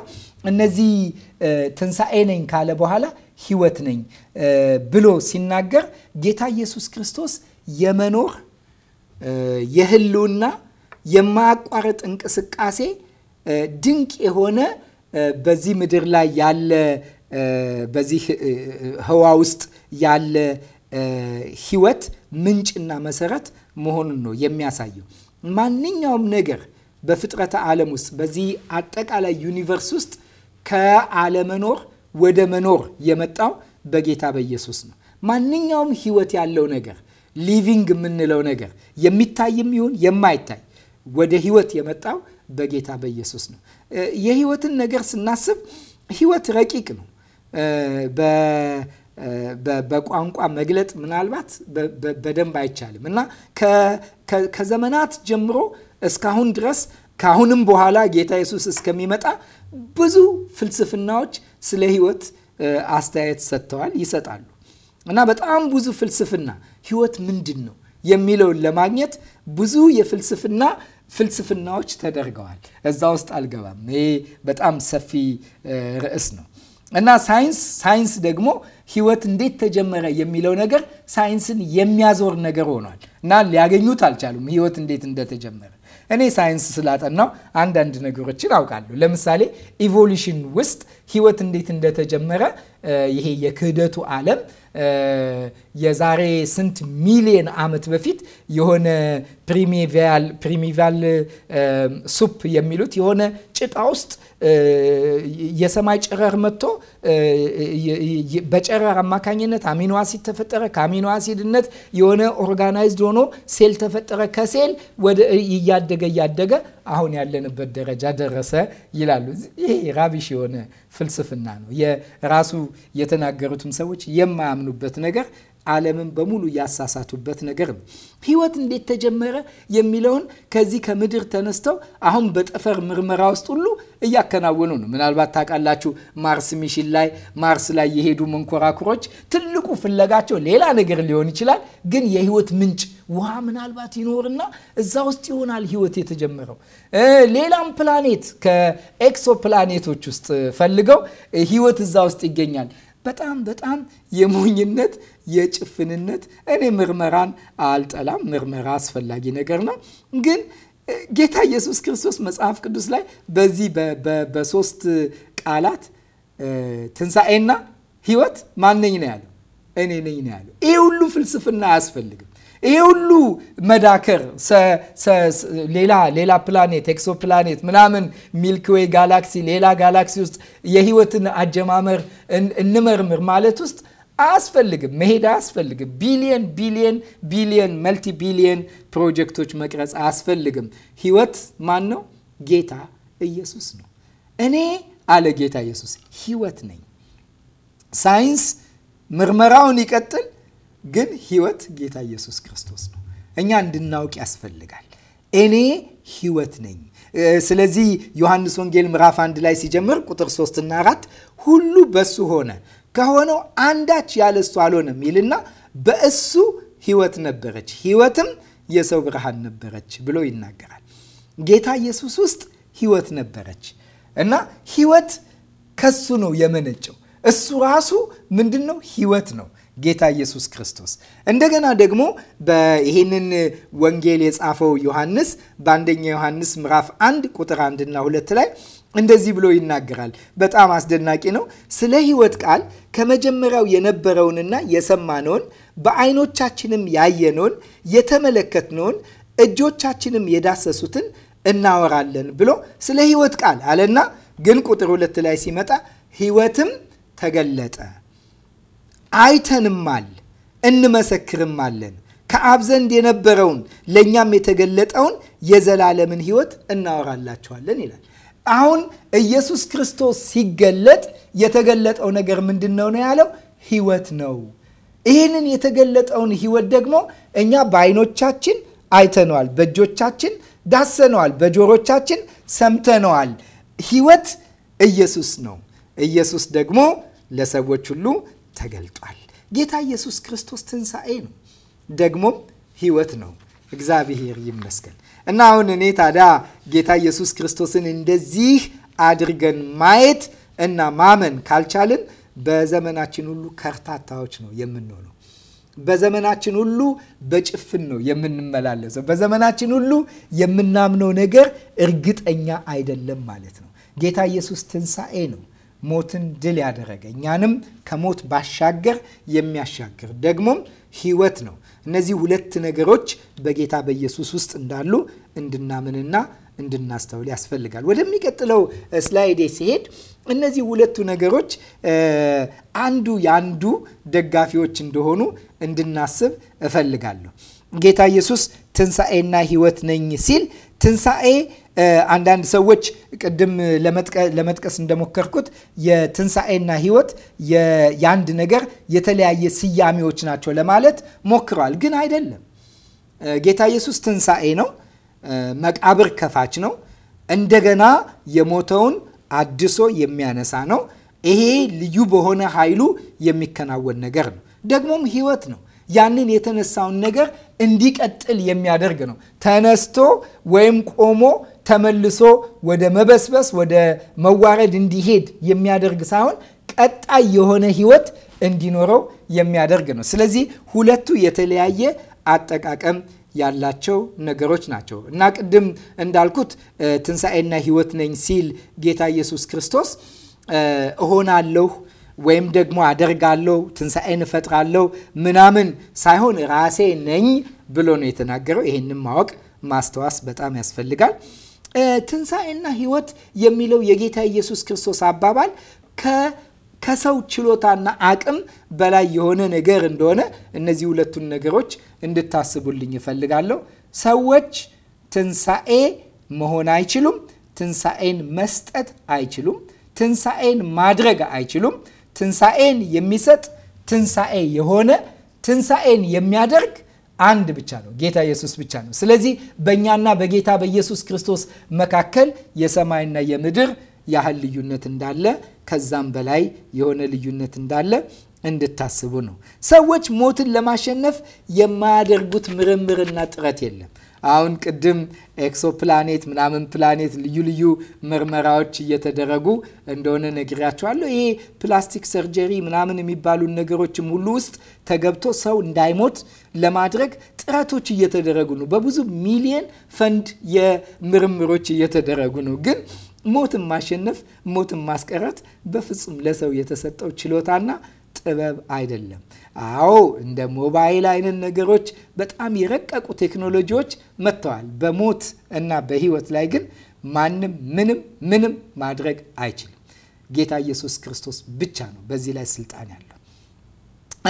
እነዚህ ትንሣኤ ነኝ ካለ በኋላ ህይወት ነኝ ብሎ ሲናገር ጌታ ኢየሱስ ክርስቶስ የመኖር የህልውና የማያቋርጥ እንቅስቃሴ ድንቅ የሆነ በዚህ ምድር ላይ ያለ በዚህ ህዋ ውስጥ ያለ ህይወት ምንጭና መሰረት መሆኑን ነው የሚያሳየው። ማንኛውም ነገር በፍጥረተ ዓለም ውስጥ በዚህ አጠቃላይ ዩኒቨርስ ውስጥ ከአለመኖር ወደ መኖር የመጣው በጌታ በኢየሱስ ነው። ማንኛውም ህይወት ያለው ነገር ሊቪንግ የምንለው ነገር የሚታይም ይሁን የማይታይ ወደ ህይወት የመጣው በጌታ በኢየሱስ ነው። የህይወትን ነገር ስናስብ ህይወት ረቂቅ ነው። በቋንቋ መግለጥ ምናልባት በደንብ አይቻልም እና ከዘመናት ጀምሮ እስካሁን ድረስ ከአሁንም በኋላ ጌታ ኢየሱስ እስከሚመጣ ብዙ ፍልስፍናዎች ስለ ህይወት አስተያየት ሰጥተዋል፣ ይሰጣሉ እና በጣም ብዙ ፍልስፍና ህይወት ምንድን ነው የሚለውን ለማግኘት ብዙ የፍልስፍና ፍልስፍናዎች ተደርገዋል። እዛ ውስጥ አልገባም። ይሄ በጣም ሰፊ ርዕስ ነው እና ሳይንስ ሳይንስ ደግሞ ህይወት እንዴት ተጀመረ የሚለው ነገር ሳይንስን የሚያዞር ነገር ሆኗል እና ሊያገኙት አልቻሉም ህይወት እንዴት እንደተጀመረ እኔ ሳይንስ ስላጠናው አንዳንድ ነገሮችን አውቃለሁ። ለምሳሌ ኢቮሉሽን ውስጥ ህይወት እንዴት እንደተጀመረ ይሄ የክህደቱ ዓለም የዛሬ ስንት ሚሊዮን ዓመት በፊት የሆነ ፕሪሚቫል ሱፕ የሚሉት የሆነ ጭቃ ውስጥ የሰማይ ጨረር መጥቶ በጨረር አማካኝነት አሚኖ አሲድ ተፈጠረ። ከአሚኖ አሲድነት የሆነ ኦርጋናይዝድ ሆኖ ሴል ተፈጠረ። ከሴል ወደ እያደገ እያደገ አሁን ያለንበት ደረጃ ደረሰ ይላሉ። ይሄ ራቢሽ የሆነ ፍልስፍና ነው። የራሱ የተናገሩትም ሰዎች የማያምኑበት ነገር ዓለምን በሙሉ ያሳሳቱበት ነገር ነው። ህይወት እንዴት ተጀመረ የሚለውን ከዚህ ከምድር ተነስተው አሁን በጠፈር ምርመራ ውስጥ ሁሉ እያከናወኑ ነው። ምናልባት ታውቃላችሁ፣ ማርስ ሚሽን ላይ ማርስ ላይ የሄዱ መንኮራኩሮች ትልቁ ፍለጋቸው ሌላ ነገር ሊሆን ይችላል፣ ግን የህይወት ምንጭ ውሃ ምናልባት ይኖርና እዛ ውስጥ ይሆናል ህይወት የተጀመረው። ሌላም ፕላኔት ከኤክሶ ፕላኔቶች ውስጥ ፈልገው ህይወት እዛ ውስጥ ይገኛል። በጣም በጣም የሞኝነት የጭፍንነት እኔ ምርመራን አልጠላም። ምርመራ አስፈላጊ ነገር ነው ግን ጌታ ኢየሱስ ክርስቶስ መጽሐፍ ቅዱስ ላይ በዚህ በሶስት ቃላት ትንሣኤና ሕይወት ማነኝ ነው ያለው? እኔ ነኝ ነው ያለው። ይሄ ሁሉ ፍልስፍና አያስፈልግም። ይሄ ሁሉ መዳከር ሌላ ሌላ ፕላኔት ኤክሶ ፕላኔት ምናምን ሚልክዌይ ጋላክሲ ሌላ ጋላክሲ ውስጥ የህይወትን አጀማመር እንመርምር ማለት ውስጥ አያስፈልግም፣ መሄድ አያስፈልግም። ቢሊየን ቢሊየን ቢሊየን መልቲ ቢሊየን ፕሮጀክቶች መቅረጽ አያስፈልግም። ህይወት ማን ነው? ጌታ ኢየሱስ ነው። እኔ አለ ጌታ ኢየሱስ ህይወት ነኝ። ሳይንስ ምርመራውን ይቀጥል፣ ግን ህይወት ጌታ ኢየሱስ ክርስቶስ ነው። እኛ እንድናውቅ ያስፈልጋል። እኔ ህይወት ነኝ። ስለዚህ ዮሐንስ ወንጌል ምዕራፍ አንድ ላይ ሲጀምር ቁጥር ሶስትና አራት ሁሉ በሱ ሆነ ከሆነው አንዳች ያለ እሱ አልሆነም ይልና በእሱ ህይወት ነበረች፣ ህይወትም የሰው ብርሃን ነበረች ብሎ ይናገራል። ጌታ ኢየሱስ ውስጥ ህይወት ነበረች እና ህይወት ከሱ ነው የመነጨው። እሱ ራሱ ምንድን ነው? ህይወት ነው ጌታ ኢየሱስ ክርስቶስ። እንደገና ደግሞ በይህንን ወንጌል የጻፈው ዮሐንስ በአንደኛ ዮሐንስ ምዕራፍ አንድ ቁጥር አንድና ሁለት ላይ እንደዚህ ብሎ ይናገራል። በጣም አስደናቂ ነው። ስለ ሕይወት ቃል ከመጀመሪያው የነበረውንና የሰማነውን በዓይኖቻችንም ያየነውን የተመለከትነውን እጆቻችንም የዳሰሱትን እናወራለን ብሎ ስለ ሕይወት ቃል አለና ግን ቁጥር ሁለት ላይ ሲመጣ ሕይወትም ተገለጠ፣ አይተንማል፣ እንመሰክርማለን ከአብ ዘንድ የነበረውን ለእኛም የተገለጠውን የዘላለምን ሕይወት እናወራላቸዋለን ይላል። አሁን ኢየሱስ ክርስቶስ ሲገለጥ የተገለጠው ነገር ምንድን ነው ነው ያለው? ህይወት ነው። ይህንን የተገለጠውን ህይወት ደግሞ እኛ በአይኖቻችን አይተነዋል፣ በእጆቻችን ዳሰነዋል፣ በጆሮቻችን ሰምተነዋል። ህይወት ኢየሱስ ነው። ኢየሱስ ደግሞ ለሰዎች ሁሉ ተገልጧል። ጌታ ኢየሱስ ክርስቶስ ትንሣኤ ነው፣ ደግሞም ህይወት ነው። እግዚአብሔር ይመስገን። እና አሁን እኔ ታዲያ ጌታ ኢየሱስ ክርስቶስን እንደዚህ አድርገን ማየት እና ማመን ካልቻልን በዘመናችን ሁሉ ከርታታዎች ነው የምንሆነው። በዘመናችን ሁሉ በጭፍን ነው የምንመላለሰው። በዘመናችን ሁሉ የምናምነው ነገር እርግጠኛ አይደለም ማለት ነው። ጌታ ኢየሱስ ትንሣኤ ነው ሞትን ድል ያደረገ እኛንም ከሞት ባሻገር የሚያሻግር ደግሞም ሕይወት ነው። እነዚህ ሁለት ነገሮች በጌታ በኢየሱስ ውስጥ እንዳሉ እንድናምንና እንድናስተውል ያስፈልጋል። ወደሚቀጥለው ስላይዴ ሲሄድ እነዚህ ሁለቱ ነገሮች አንዱ የአንዱ ደጋፊዎች እንደሆኑ እንድናስብ እፈልጋለሁ። ጌታ ኢየሱስ ትንሣኤና ሕይወት ነኝ ሲል ትንሣኤ አንዳንድ ሰዎች ቅድም ለመጥቀስ እንደሞከርኩት የትንሣኤና ህይወት የአንድ ነገር የተለያየ ስያሜዎች ናቸው ለማለት ሞክረዋል። ግን አይደለም። ጌታ ኢየሱስ ትንሣኤ ነው። መቃብር ከፋች ነው። እንደገና የሞተውን አድሶ የሚያነሳ ነው። ይሄ ልዩ በሆነ ኃይሉ የሚከናወን ነገር ነው። ደግሞም ህይወት ነው። ያንን የተነሳውን ነገር እንዲቀጥል የሚያደርግ ነው። ተነስቶ ወይም ቆሞ ተመልሶ ወደ መበስበስ ወደ መዋረድ እንዲሄድ የሚያደርግ ሳይሆን ቀጣይ የሆነ ህይወት እንዲኖረው የሚያደርግ ነው። ስለዚህ ሁለቱ የተለያየ አጠቃቀም ያላቸው ነገሮች ናቸው እና ቅድም እንዳልኩት ትንሣኤና ህይወት ነኝ ሲል ጌታ ኢየሱስ ክርስቶስ እሆናለሁ ወይም ደግሞ አደርጋለሁ፣ ትንሣኤን እፈጥራለሁ ምናምን ሳይሆን ራሴ ነኝ ብሎ ነው የተናገረው። ይህንም ማወቅ ማስተዋስ በጣም ያስፈልጋል። ትንሣኤና ሕይወት የሚለው የጌታ ኢየሱስ ክርስቶስ አባባል ከሰው ችሎታና አቅም በላይ የሆነ ነገር እንደሆነ እነዚህ ሁለቱን ነገሮች እንድታስቡልኝ እፈልጋለሁ። ሰዎች ትንሣኤ መሆን አይችሉም። ትንሣኤን መስጠት አይችሉም። ትንሣኤን ማድረግ አይችሉም። ትንሣኤን የሚሰጥ ትንሣኤ የሆነ ትንሣኤን የሚያደርግ አንድ ብቻ ነው። ጌታ ኢየሱስ ብቻ ነው። ስለዚህ በእኛና በጌታ በኢየሱስ ክርስቶስ መካከል የሰማይና የምድር ያህል ልዩነት እንዳለ ከዛም በላይ የሆነ ልዩነት እንዳለ እንድታስቡ ነው። ሰዎች ሞትን ለማሸነፍ የማያደርጉት ምርምርና ጥረት የለም። አሁን ቅድም ኤክሶፕላኔት ምናምን ፕላኔት ልዩ ልዩ ምርመራዎች እየተደረጉ እንደሆነ ነግሪያቸዋለሁ። ይሄ ፕላስቲክ ሰርጀሪ ምናምን የሚባሉ ነገሮችም ሁሉ ውስጥ ተገብቶ ሰው እንዳይሞት ለማድረግ ጥረቶች እየተደረጉ ነው። በብዙ ሚሊየን ፈንድ የምርምሮች እየተደረጉ ነው ግን ሞትን ማሸነፍ ሞትን ማስቀረት በፍጹም ለሰው የተሰጠው ችሎታና ጥበብ አይደለም። አዎ እንደ ሞባይል አይነት ነገሮች በጣም የረቀቁ ቴክኖሎጂዎች መጥተዋል። በሞት እና በህይወት ላይ ግን ማንም ምንም ምንም ማድረግ አይችልም። ጌታ ኢየሱስ ክርስቶስ ብቻ ነው በዚህ ላይ ስልጣን ያለው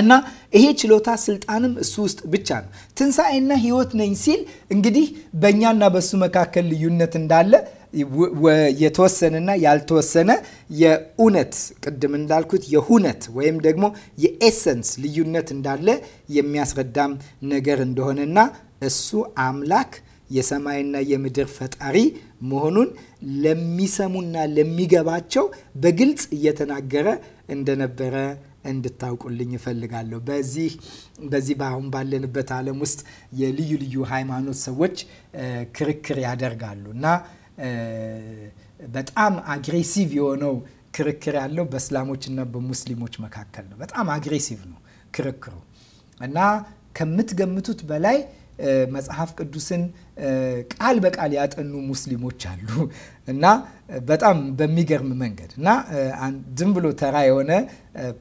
እና ይሄ ችሎታ ስልጣንም እሱ ውስጥ ብቻ ነው። ትንሣኤና ህይወት ነኝ ሲል እንግዲህ በእኛና በእሱ መካከል ልዩነት እንዳለ የተወሰነና ያልተወሰነ የእውነት ቅድም እንዳልኩት የሁነት ወይም ደግሞ የኤሰንስ ልዩነት እንዳለ የሚያስረዳም ነገር እንደሆነና እሱ አምላክ የሰማይና የምድር ፈጣሪ መሆኑን ለሚሰሙና ለሚገባቸው በግልጽ እየተናገረ እንደነበረ እንድታውቁልኝ እፈልጋለሁ። በዚህ በዚህ በአሁን ባለንበት ዓለም ውስጥ የልዩ ልዩ ሃይማኖት ሰዎች ክርክር ያደርጋሉ እና በጣም አግሬሲቭ የሆነው ክርክር ያለው በእስላሞች እና በሙስሊሞች መካከል ነው። በጣም አግሬሲቭ ነው ክርክሩ እና ከምትገምቱት በላይ መጽሐፍ ቅዱስን ቃል በቃል ያጠኑ ሙስሊሞች አሉ እና በጣም በሚገርም መንገድ እና ዝም ብሎ ተራ የሆነ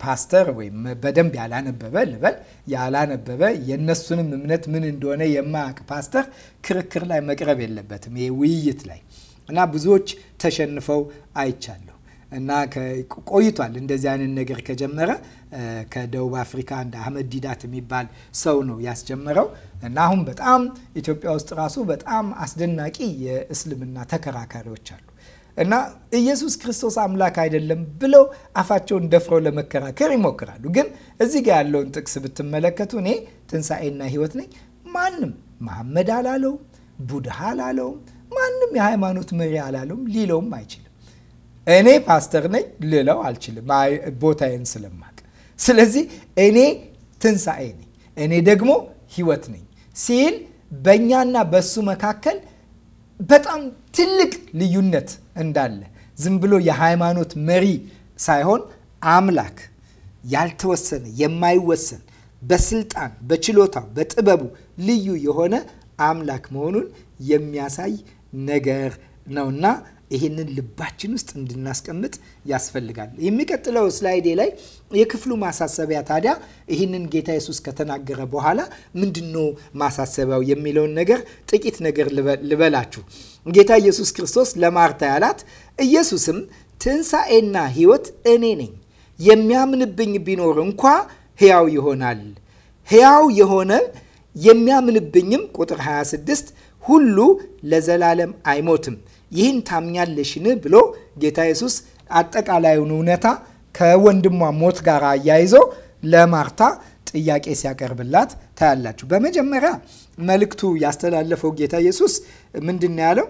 ፓስተር ወይም በደንብ ያላነበበ ልበል ያላነበበ የእነሱንም እምነት ምን እንደሆነ የማያውቅ ፓስተር ክርክር ላይ መቅረብ የለበትም ይሄ ውይይት ላይ እና ብዙዎች ተሸንፈው አይቻለሁ። እና ቆይቷል እንደዚህ አይነት ነገር ከጀመረ ከደቡብ አፍሪካ እንደ አህመድ ዲዳት የሚባል ሰው ነው ያስጀመረው። እና አሁን በጣም ኢትዮጵያ ውስጥ ራሱ በጣም አስደናቂ የእስልምና ተከራካሪዎች አሉ። እና ኢየሱስ ክርስቶስ አምላክ አይደለም ብለው አፋቸውን ደፍረው ለመከራከር ይሞክራሉ። ግን እዚህ ጋር ያለውን ጥቅስ ብትመለከቱ እኔ ትንሣኤና ሕይወት ነኝ። ማንም መሐመድ አላለውም፣ ቡድሃ አላለውም ማንም የሃይማኖት መሪ አላለውም፣ ሊለውም አይችልም። እኔ ፓስተር ነኝ ልለው አልችልም፣ ቦታዬን ስለማቅ። ስለዚህ እኔ ትንሣኤ ነኝ፣ እኔ ደግሞ ህይወት ነኝ ሲል በእኛና በሱ መካከል በጣም ትልቅ ልዩነት እንዳለ ዝም ብሎ የሃይማኖት መሪ ሳይሆን አምላክ ያልተወሰነ የማይወሰን በስልጣን፣ በችሎታው፣ በጥበቡ ልዩ የሆነ አምላክ መሆኑን የሚያሳይ ነገር ነውና ይህንን ልባችን ውስጥ እንድናስቀምጥ ያስፈልጋል። የሚቀጥለው ስላይዴ ላይ የክፍሉ ማሳሰቢያ ታዲያ ይህንን ጌታ የሱስ ከተናገረ በኋላ ምንድን ማሳሰቢያው የሚለውን ነገር ጥቂት ነገር ልበላችሁ። ጌታ ኢየሱስ ክርስቶስ ለማርታ ያላት ኢየሱስም ትንሣኤና ሕይወት እኔ ነኝ፣ የሚያምንብኝ ቢኖር እንኳ ሕያው ይሆናል። ሕያው የሆነ የሚያምንብኝም ቁጥር 26 ሁሉ ለዘላለም አይሞትም። ይህን ታምኛለሽን ብሎ ጌታ ኢየሱስ አጠቃላዩን እውነታ ከወንድሟ ሞት ጋር አያይዞ ለማርታ ጥያቄ ሲያቀርብላት ታያላችሁ። በመጀመሪያ መልእክቱ ያስተላለፈው ጌታ ኢየሱስ ምንድን ያለው?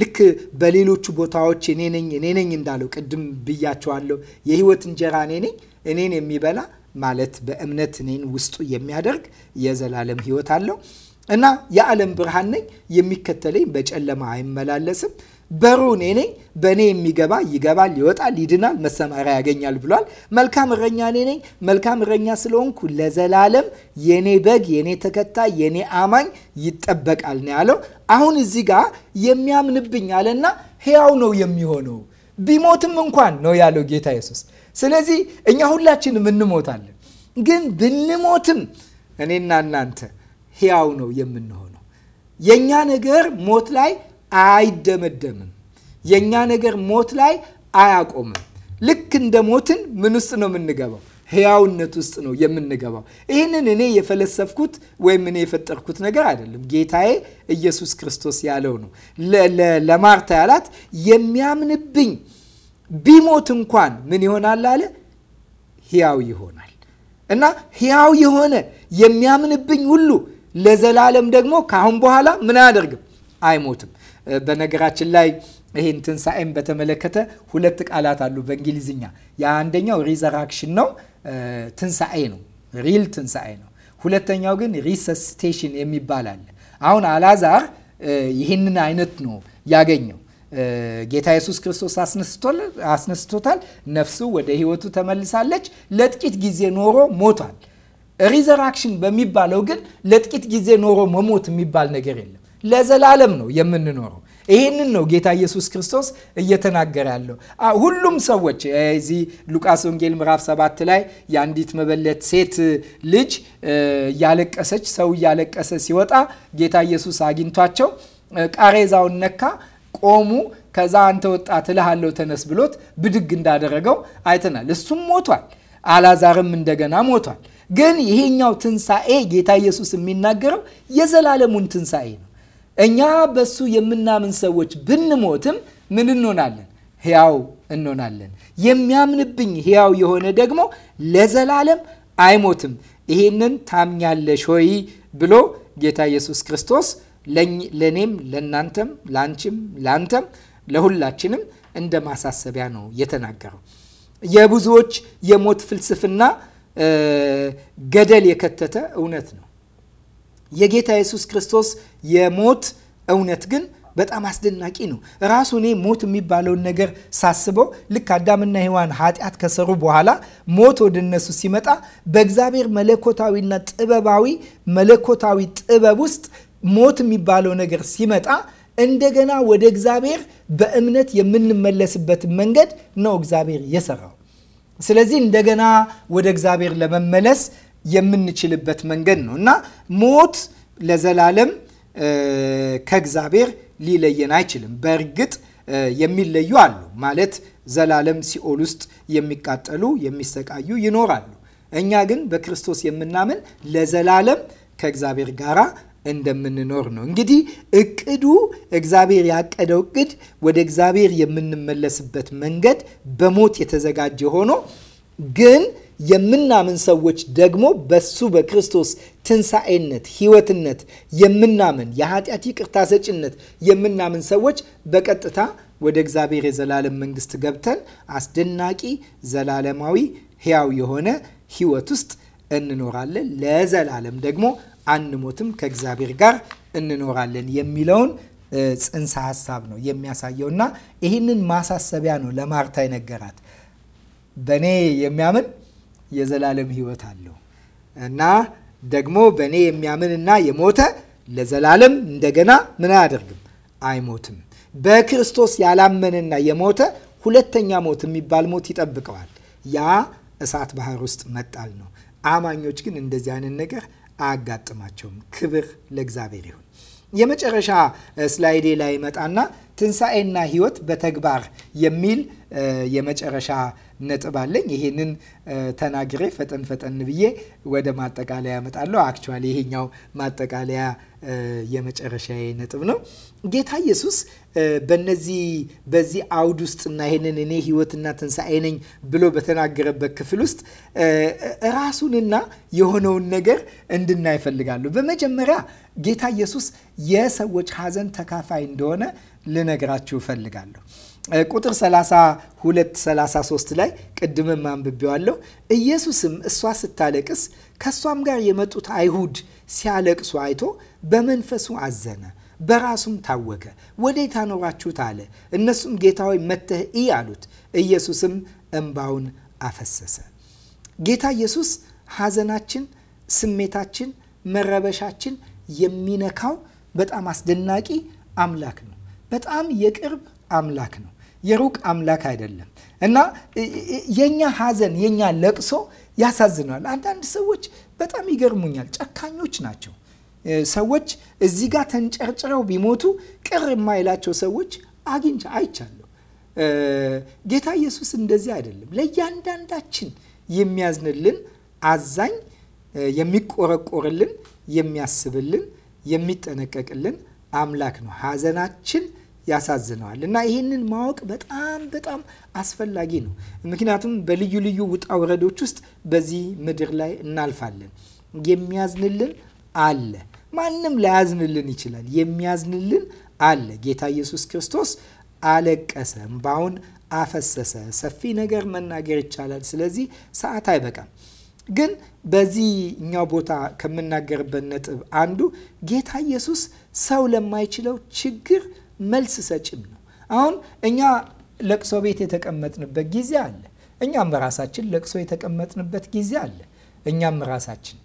ልክ በሌሎቹ ቦታዎች እኔ ነኝ እኔ ነኝ እንዳለው ቅድም ብያቸዋለሁ። የህይወት እንጀራ እኔ ነኝ፣ እኔን የሚበላ ማለት በእምነት እኔን ውስጡ የሚያደርግ የዘላለም ህይወት አለው እና የዓለም ብርሃን ነኝ፣ የሚከተለኝ በጨለማ አይመላለስም። በሩ እኔ ነኝ፣ በእኔ የሚገባ ይገባል፣ ይወጣል፣ ይድናል፣ መሰማሪያ ያገኛል ብሏል። መልካም እረኛ እኔ ነኝ። መልካም እረኛ ስለሆንኩ ለዘላለም የኔ በግ፣ የኔ ተከታይ፣ የኔ አማኝ ይጠበቃል ነው ያለው። አሁን እዚህ ጋር የሚያምንብኝ አለና ሕያው ነው የሚሆነው ቢሞትም እንኳን ነው ያለው ጌታ ኢየሱስ። ስለዚህ እኛ ሁላችንም እንሞታለን፣ ግን ብንሞትም እኔና እናንተ ሕያው ነው የምንሆነው። የእኛ ነገር ሞት ላይ አይደመደምም። የእኛ ነገር ሞት ላይ አያቆምም። ልክ እንደ ሞትን ምን ውስጥ ነው የምንገባው? ሕያውነት ውስጥ ነው የምንገባው። ይህንን እኔ የፈለሰፍኩት ወይም እኔ የፈጠርኩት ነገር አይደለም። ጌታዬ ኢየሱስ ክርስቶስ ያለው ነው። ለማርታ ያላት የሚያምንብኝ ቢሞት እንኳን ምን ይሆናል አለ ሕያው ይሆናል እና ሕያው የሆነ የሚያምንብኝ ሁሉ ለዘላለም ደግሞ ከአሁን በኋላ ምን አያደርግም? አይሞትም። በነገራችን ላይ ይህን ትንሣኤን በተመለከተ ሁለት ቃላት አሉ በእንግሊዝኛ። የአንደኛው ሪዘራክሽን ነው፣ ትንሣኤ ነው፣ ሪል ትንሣኤ ነው። ሁለተኛው ግን ሪሰስቴሽን የሚባል አለ። አሁን አላዛር ይህንን አይነት ነው ያገኘው። ጌታ ኢየሱስ ክርስቶስ አስነስቶታል። ነፍሱ ወደ ህይወቱ ተመልሳለች። ለጥቂት ጊዜ ኖሮ ሞቷል። ሪዘራክሽን በሚባለው ግን ለጥቂት ጊዜ ኖሮ መሞት የሚባል ነገር የለም። ለዘላለም ነው የምንኖረው። ይህንን ነው ጌታ ኢየሱስ ክርስቶስ እየተናገረ ያለው። ሁሉም ሰዎች እዚህ ሉቃስ ወንጌል ምዕራፍ ሰባት ላይ የአንዲት መበለት ሴት ልጅ እያለቀሰች ሰው እያለቀሰ ሲወጣ ጌታ ኢየሱስ አግኝቷቸው ቃሬዛውን ነካ፣ ቆሙ። ከዛ አንተ ወጣት እልሃለሁ ተነስ ብሎት ብድግ እንዳደረገው አይተናል። እሱም ሞቷል። አላዛርም እንደገና ሞቷል። ግን ይሄኛው ትንሣኤ ጌታ ኢየሱስ የሚናገረው የዘላለሙን ትንሣኤ ነው። እኛ በሱ የምናምን ሰዎች ብንሞትም ምን እንሆናለን? ሕያው እንሆናለን። የሚያምንብኝ ሕያው የሆነ ደግሞ ለዘላለም አይሞትም። ይሄንን ታምኛለሽ ሆይ ብሎ ጌታ ኢየሱስ ክርስቶስ ለእኔም፣ ለእናንተም፣ ለአንቺም፣ ለአንተም፣ ለሁላችንም እንደ ማሳሰቢያ ነው የተናገረው። የብዙዎች የሞት ፍልስፍና ገደል የከተተ እውነት ነው። የጌታ ኢየሱስ ክርስቶስ የሞት እውነት ግን በጣም አስደናቂ ነው። ራሱ እኔ ሞት የሚባለውን ነገር ሳስበው ልክ አዳምና ሔዋን ኃጢአት ከሰሩ በኋላ ሞት ወደ እነሱ ሲመጣ በእግዚአብሔር መለኮታዊና ጥበባዊ መለኮታዊ ጥበብ ውስጥ ሞት የሚባለው ነገር ሲመጣ እንደገና ወደ እግዚአብሔር በእምነት የምንመለስበት መንገድ ነው እግዚአብሔር የሰራው። ስለዚህ እንደገና ወደ እግዚአብሔር ለመመለስ የምንችልበት መንገድ ነው እና ሞት ለዘላለም ከእግዚአብሔር ሊለየን አይችልም። በእርግጥ የሚለዩ አሉ ማለት ዘላለም ሲኦል ውስጥ የሚቃጠሉ የሚሰቃዩ ይኖራሉ። እኛ ግን በክርስቶስ የምናምን ለዘላለም ከእግዚአብሔር ጋር እንደምንኖር ነው። እንግዲህ እቅዱ እግዚአብሔር ያቀደው እቅድ ወደ እግዚአብሔር የምንመለስበት መንገድ በሞት የተዘጋጀ ሆኖ ግን የምናምን ሰዎች ደግሞ በሱ በክርስቶስ ትንሣኤነት፣ ሕይወትነት የምናምን የኃጢአት ይቅርታ ሰጭነት የምናምን ሰዎች በቀጥታ ወደ እግዚአብሔር የዘላለም መንግስት ገብተን አስደናቂ ዘላለማዊ ሕያው የሆነ ሕይወት ውስጥ እንኖራለን። ለዘላለም ደግሞ አንሞትም፣ ከእግዚአብሔር ጋር እንኖራለን የሚለውን ጽንሰ ሀሳብ ነው የሚያሳየው እና ይህንን ማሳሰቢያ ነው ለማርታ የነገራት። በእኔ የሚያምን የዘላለም ሕይወት አለው እና ደግሞ በእኔ የሚያምንና የሞተ ለዘላለም እንደገና ምን አያደርግም? አይሞትም። በክርስቶስ ያላመነና የሞተ ሁለተኛ ሞት የሚባል ሞት ይጠብቀዋል። ያ እሳት ባህር ውስጥ መጣል ነው። አማኞች ግን እንደዚህ አይነት ነገር አያጋጥማቸውም። ክብር ለእግዚአብሔር ይሁን። የመጨረሻ ስላይዴ ላይ መጣና ትንሣኤና ሕይወት በተግባር የሚል የመጨረሻ ነጥብ አለኝ። ይሄንን ተናግሬ ፈጠን ፈጠን ብዬ ወደ ማጠቃለያ መጣለሁ አክቹዋሊ ይሄኛው ማጠቃለያ የመጨረሻ ነጥብ ነው። ጌታ ኢየሱስ በነዚህ በዚህ አውድ ውስጥና ይሄንን እኔ ህይወትና ትንሣኤ ነኝ ብሎ በተናገረበት ክፍል ውስጥ ራሱንና የሆነውን ነገር እንድናይ እፈልጋለሁ። በመጀመሪያ ጌታ ኢየሱስ የሰዎች ሐዘን ተካፋይ እንደሆነ ልነግራችሁ እፈልጋለሁ። ቁጥር 32 33 ላይ ቅድምም አንብቤዋለሁ። ኢየሱስም እሷ ስታለቅስ ከእሷም ጋር የመጡት አይሁድ ሲያለቅሱ አይቶ በመንፈሱ አዘነ በራሱም ታወከ። ወዴት አኖራችሁት አለ። እነሱም ጌታ ሆይ መጥተህ እይ አሉት። ኢየሱስም እንባውን አፈሰሰ። ጌታ ኢየሱስ ሐዘናችን፣ ስሜታችን፣ መረበሻችን የሚነካው በጣም አስደናቂ አምላክ ነው። በጣም የቅርብ አምላክ ነው። የሩቅ አምላክ አይደለም እና የኛ ሐዘን የኛ ለቅሶ ያሳዝናል። አንዳንድ ሰዎች በጣም ይገርሙኛል። ጨካኞች ናቸው። ሰዎች እዚህ ጋር ተንጨርጭረው ቢሞቱ ቅር የማይላቸው ሰዎች አግኝቻ አይቻለሁ። ጌታ ኢየሱስ እንደዚህ አይደለም። ለእያንዳንዳችን የሚያዝንልን አዛኝ፣ የሚቆረቆርልን፣ የሚያስብልን፣ የሚጠነቀቅልን አምላክ ነው። ሐዘናችን ያሳዝነዋል እና ይህንን ማወቅ በጣም በጣም አስፈላጊ ነው። ምክንያቱም በልዩ ልዩ ውጣ ውረዶች ውስጥ በዚህ ምድር ላይ እናልፋለን። የሚያዝንልን አለ ማንም ላያዝንልን ይችላል። የሚያዝንልን አለ። ጌታ ኢየሱስ ክርስቶስ አለቀሰ፣ እምባውን አፈሰሰ። ሰፊ ነገር መናገር ይቻላል። ስለዚህ ሰዓት አይበቃም። ግን በዚህኛው ቦታ ከምናገርበት ነጥብ አንዱ ጌታ ኢየሱስ ሰው ለማይችለው ችግር መልስ ሰጭም ነው። አሁን እኛ ለቅሶ ቤት የተቀመጥንበት ጊዜ አለ። እኛም ራሳችን ለቅሶ የተቀመጥንበት ጊዜ አለ። እኛም ራሳችን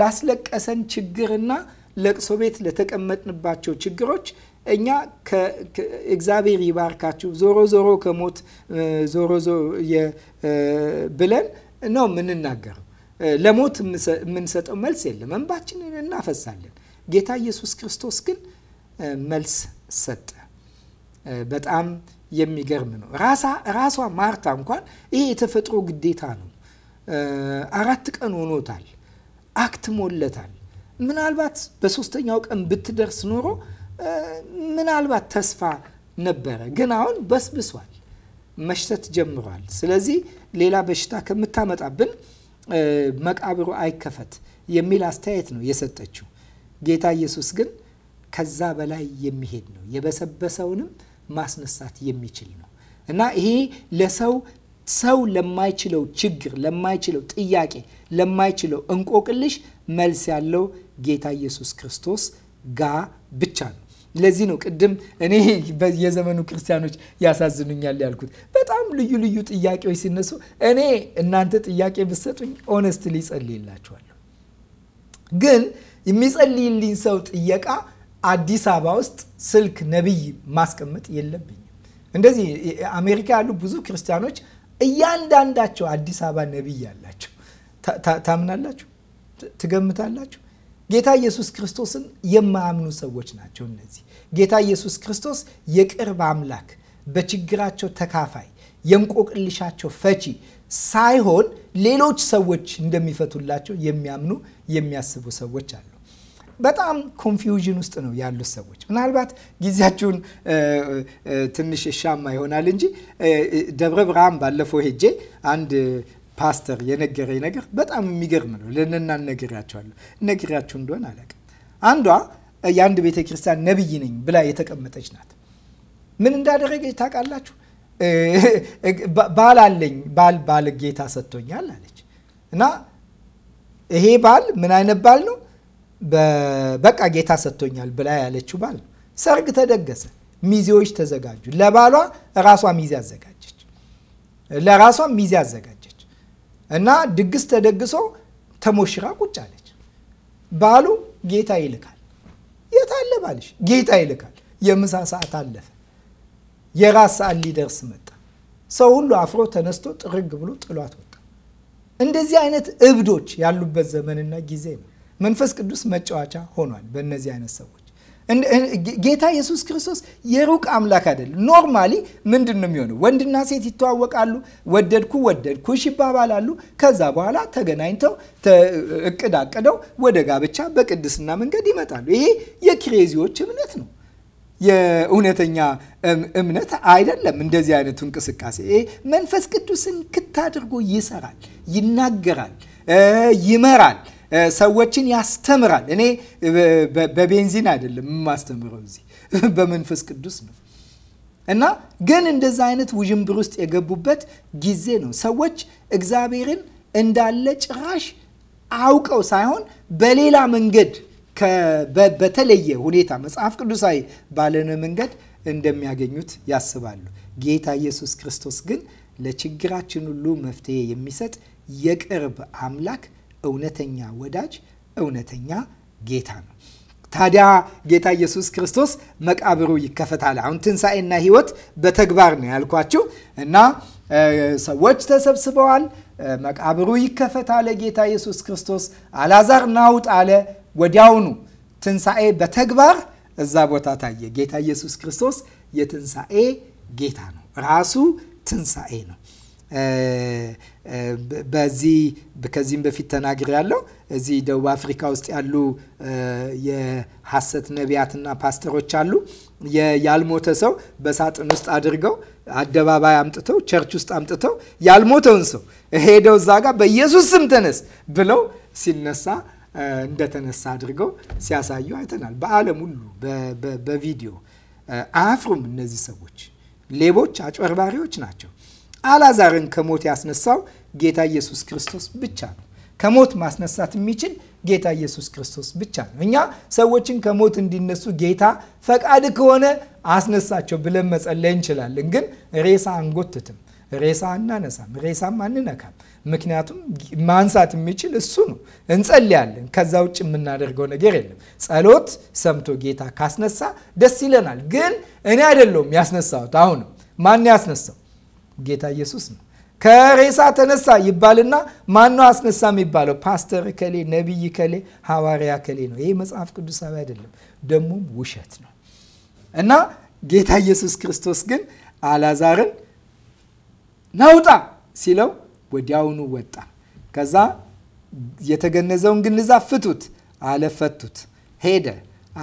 ላስለቀሰን ችግርና ለቅሶ ቤት ለተቀመጥንባቸው ችግሮች እኛ እግዚአብሔር ይባርካችሁ ዞሮ ዞሮ ከሞት ዞሮ ብለን ነው የምንናገረው። ለሞት የምንሰጠው መልስ የለም። እንባችንን እናፈሳለን። ጌታ ኢየሱስ ክርስቶስ ግን መልስ ሰጠ። በጣም የሚገርም ነው። ራሷ ማርታ እንኳን ይሄ የተፈጥሮ ግዴታ ነው አራት ቀን ሆኖታል። አክት ሞለታል። ምናልባት በሶስተኛው ቀን ብትደርስ ኖሮ ምናልባት ተስፋ ነበረ፣ ግን አሁን በስብሷል፣ መሽተት ጀምሯል። ስለዚህ ሌላ በሽታ ከምታመጣብን መቃብሩ አይከፈት የሚል አስተያየት ነው የሰጠችው። ጌታ ኢየሱስ ግን ከዛ በላይ የሚሄድ ነው፣ የበሰበሰውንም ማስነሳት የሚችል ነው እና ይሄ ለሰው ሰው ለማይችለው ችግር፣ ለማይችለው ጥያቄ፣ ለማይችለው እንቆቅልሽ መልስ ያለው ጌታ ኢየሱስ ክርስቶስ ጋ ብቻ ነው። ለዚህ ነው ቅድም እኔ የዘመኑ ክርስቲያኖች ያሳዝኑኛል ያልኩት። በጣም ልዩ ልዩ ጥያቄዎች ሲነሱ እኔ እናንተ ጥያቄ ብትሰጡኝ ኦነስት ሊጸልይላችኋለሁ። ግን የሚጸልይልኝ ሰው ጥየቃ አዲስ አበባ ውስጥ ስልክ ነቢይ ማስቀመጥ የለብኝም። እንደዚህ አሜሪካ ያሉ ብዙ ክርስቲያኖች እያንዳንዳቸው አዲስ አበባ ነቢይ ያላቸው ታምናላችሁ? ትገምታላችሁ? ጌታ ኢየሱስ ክርስቶስን የማያምኑ ሰዎች ናቸው እነዚህ። ጌታ ኢየሱስ ክርስቶስ የቅርብ አምላክ፣ በችግራቸው ተካፋይ፣ የእንቆቅልሻቸው ፈቺ ሳይሆን ሌሎች ሰዎች እንደሚፈቱላቸው የሚያምኑ የሚያስቡ ሰዎች አለ። በጣም ኮንፊውዥን ውስጥ ነው ያሉት ሰዎች። ምናልባት ጊዜያችሁን ትንሽ ሻማ ይሆናል እንጂ ደብረ ብርሃን ባለፈው ሄጄ አንድ ፓስተር የነገረኝ ነገር በጣም የሚገርም ነው። ለነናን ነግሬያቸዋለሁ። ነግሬያችሁ እንደሆን አለቅ አንዷ የአንድ ቤተ ክርስቲያን ነብይ ነኝ ብላ የተቀመጠች ናት። ምን እንዳደረገች ታውቃላችሁ? ባል አለኝ ባል ባል ጌታ ሰጥቶኛል አለች እና ይሄ ባል ምን አይነት ባል ነው? በቃ ጌታ ሰጥቶኛል ብላ ያለችው ባል ሰርግ ተደገሰ፣ ሚዜዎች ተዘጋጁ። ለባሏ ራሷ ሚዜ አዘጋጀች፣ ለራሷ ሚዜ አዘጋጀች እና ድግስ ተደግሶ ተሞሽራ ቁጭ አለች። ባሉ ጌታ ይልካል። የት አለ ባልሽ? ጌታ ይልካል። የምሳ ሰዓት አለፈ፣ የራስ ሰዓት ሊደርስ መጣ። ሰው ሁሉ አፍሮ ተነስቶ ጥርግ ብሎ ጥሏት ወጣ። እንደዚህ አይነት እብዶች ያሉበት ዘመንና ጊዜ ነው። መንፈስ ቅዱስ መጫወቻ ሆኗል በእነዚህ አይነት ሰዎች። ጌታ ኢየሱስ ክርስቶስ የሩቅ አምላክ አይደለም። ኖርማሊ ምንድን ነው የሚሆነው? ወንድና ሴት ይተዋወቃሉ። ወደድኩ ወደድኩሽ ይባባላሉ። ከዛ በኋላ ተገናኝተው እቅድ አቅደው ወደ ጋብቻ በቅድስና መንገድ ይመጣሉ። ይሄ የክሬዚዎች እምነት ነው። የእውነተኛ እምነት አይደለም። እንደዚህ አይነቱ እንቅስቃሴ ይሄ መንፈስ ቅዱስን ክት አድርጎ ይሰራል፣ ይናገራል፣ ይመራል ሰዎችን ያስተምራል። እኔ በቤንዚን አይደለም የማስተምረው እዚህ በመንፈስ ቅዱስ ነው። እና ግን እንደዛ አይነት ውዥንብር ውስጥ የገቡበት ጊዜ ነው። ሰዎች እግዚአብሔርን እንዳለ ጭራሽ አውቀው ሳይሆን በሌላ መንገድ በተለየ ሁኔታ መጽሐፍ ቅዱሳዊ ባለነ መንገድ እንደሚያገኙት ያስባሉ። ጌታ ኢየሱስ ክርስቶስ ግን ለችግራችን ሁሉ መፍትሄ የሚሰጥ የቅርብ አምላክ እውነተኛ ወዳጅ፣ እውነተኛ ጌታ ነው። ታዲያ ጌታ ኢየሱስ ክርስቶስ መቃብሩ ይከፈታል። አሁን ትንሣኤና ሕይወት በተግባር ነው ያልኳችሁ እና ሰዎች ተሰብስበዋል። መቃብሩ ይከፈት አለ ጌታ ኢየሱስ ክርስቶስ። አላዛር ናውጥ አለ። ወዲያውኑ ትንሣኤ በተግባር እዛ ቦታ ታየ። ጌታ ኢየሱስ ክርስቶስ የትንሣኤ ጌታ ነው። ራሱ ትንሣኤ ነው። በዚህ ከዚህም በፊት ተናግር ያለው እዚህ ደቡብ አፍሪካ ውስጥ ያሉ የሐሰት ነቢያትና ፓስተሮች አሉ። ያልሞተ ሰው በሳጥን ውስጥ አድርገው አደባባይ አምጥተው ቸርች ውስጥ አምጥተው ያልሞተውን ሰው ሄደው እዛ ጋር በኢየሱስ ስም ተነስ ብለው ሲነሳ እንደተነሳ አድርገው ሲያሳዩ አይተናል። በዓለም ሁሉ በቪዲዮ አያፍሩም። እነዚህ ሰዎች ሌቦች፣ አጭበርባሪዎች ናቸው። አላዛርን ከሞት ያስነሳው ጌታ ኢየሱስ ክርስቶስ ብቻ ነው። ከሞት ማስነሳት የሚችል ጌታ ኢየሱስ ክርስቶስ ብቻ ነው። እኛ ሰዎችን ከሞት እንዲነሱ ጌታ ፈቃድ ከሆነ አስነሳቸው ብለን መጸለይ እንችላለን። ግን ሬሳ አንጎትትም፣ ሬሳ አናነሳም፣ ሬሳም አንነካም። ምክንያቱም ማንሳት የሚችል እሱ ነው። እንጸልያለን። ከዛ ውጭ የምናደርገው ነገር የለም። ጸሎት ሰምቶ ጌታ ካስነሳ ደስ ይለናል። ግን እኔ አይደለውም ያስነሳሁት። አሁንም ማን ያስነሳው? ጌታ ኢየሱስ ነው። ከሬሳ ተነሳ ይባልና ማን አስነሳ የሚባለው? ፓስተር ከሌ፣ ነቢይ ከሌ፣ ሐዋርያ ከሌ ነው። ይሄ መጽሐፍ ቅዱሳዊ አይደለም፣ ደግሞም ውሸት ነው እና ጌታ ኢየሱስ ክርስቶስ ግን አላዛርን ናውጣ ሲለው ወዲያውኑ ወጣ። ከዛ የተገነዘውን ግንዛ ፍቱት አለፈቱት ሄደ።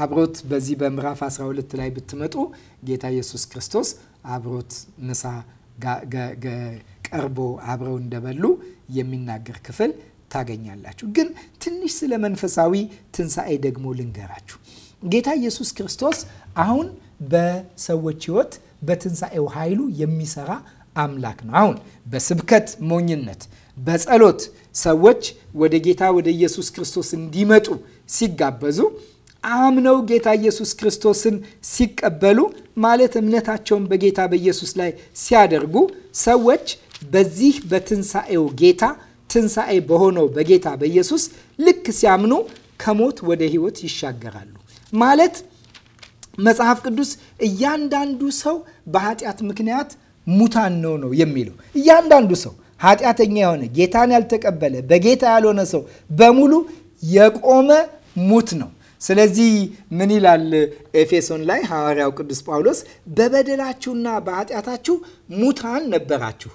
አብሮት በዚህ በምዕራፍ 12 ላይ ብትመጡ ጌታ ኢየሱስ ክርስቶስ አብሮት ምሳ ቀርቦ አብረው እንደበሉ የሚናገር ክፍል ታገኛላችሁ። ግን ትንሽ ስለ መንፈሳዊ ትንሣኤ ደግሞ ልንገራችሁ። ጌታ ኢየሱስ ክርስቶስ አሁን በሰዎች ሕይወት በትንሣኤው ኃይሉ የሚሰራ አምላክ ነው። አሁን በስብከት ሞኝነት፣ በጸሎት ሰዎች ወደ ጌታ ወደ ኢየሱስ ክርስቶስ እንዲመጡ ሲጋበዙ አምነው ጌታ ኢየሱስ ክርስቶስን ሲቀበሉ ማለት እምነታቸውን በጌታ በኢየሱስ ላይ ሲያደርጉ ሰዎች በዚህ በትንሣኤው ጌታ ትንሣኤ በሆነው በጌታ በኢየሱስ ልክ ሲያምኑ ከሞት ወደ ሕይወት ይሻገራሉ ማለት መጽሐፍ ቅዱስ እያንዳንዱ ሰው በኃጢአት ምክንያት ሙታን ነው ነው የሚለው እያንዳንዱ ሰው ኃጢአተኛ የሆነ ጌታን ያልተቀበለ በጌታ ያልሆነ ሰው በሙሉ የቆመ ሙት ነው ስለዚህ ምን ይላል ኤፌሶን ላይ ሐዋርያው ቅዱስ ጳውሎስ በበደላችሁና በኃጢአታችሁ ሙታን ነበራችሁ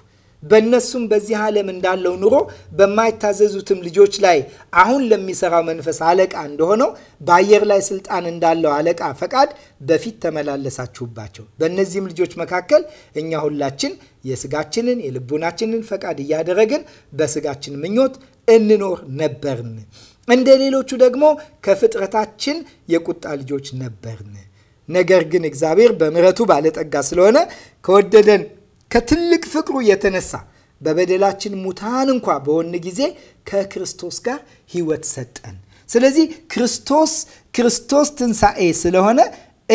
በእነሱም በዚህ ዓለም እንዳለው ኑሮ በማይታዘዙትም ልጆች ላይ አሁን ለሚሰራው መንፈስ አለቃ እንደሆነው በአየር ላይ ስልጣን እንዳለው አለቃ ፈቃድ በፊት ተመላለሳችሁባቸው። በእነዚህም ልጆች መካከል እኛ ሁላችን የስጋችንን የልቡናችንን ፈቃድ እያደረግን በስጋችን ምኞት እንኖር ነበርን። እንደ ሌሎቹ ደግሞ ከፍጥረታችን የቁጣ ልጆች ነበርን። ነገር ግን እግዚአብሔር በምሕረቱ ባለጠጋ ስለሆነ ከወደደን ከትልቅ ፍቅሩ የተነሳ በበደላችን ሙታን እንኳ በሆን ጊዜ ከክርስቶስ ጋር ሕይወት ሰጠን። ስለዚህ ክርስቶስ ክርስቶስ ትንሣኤ ስለሆነ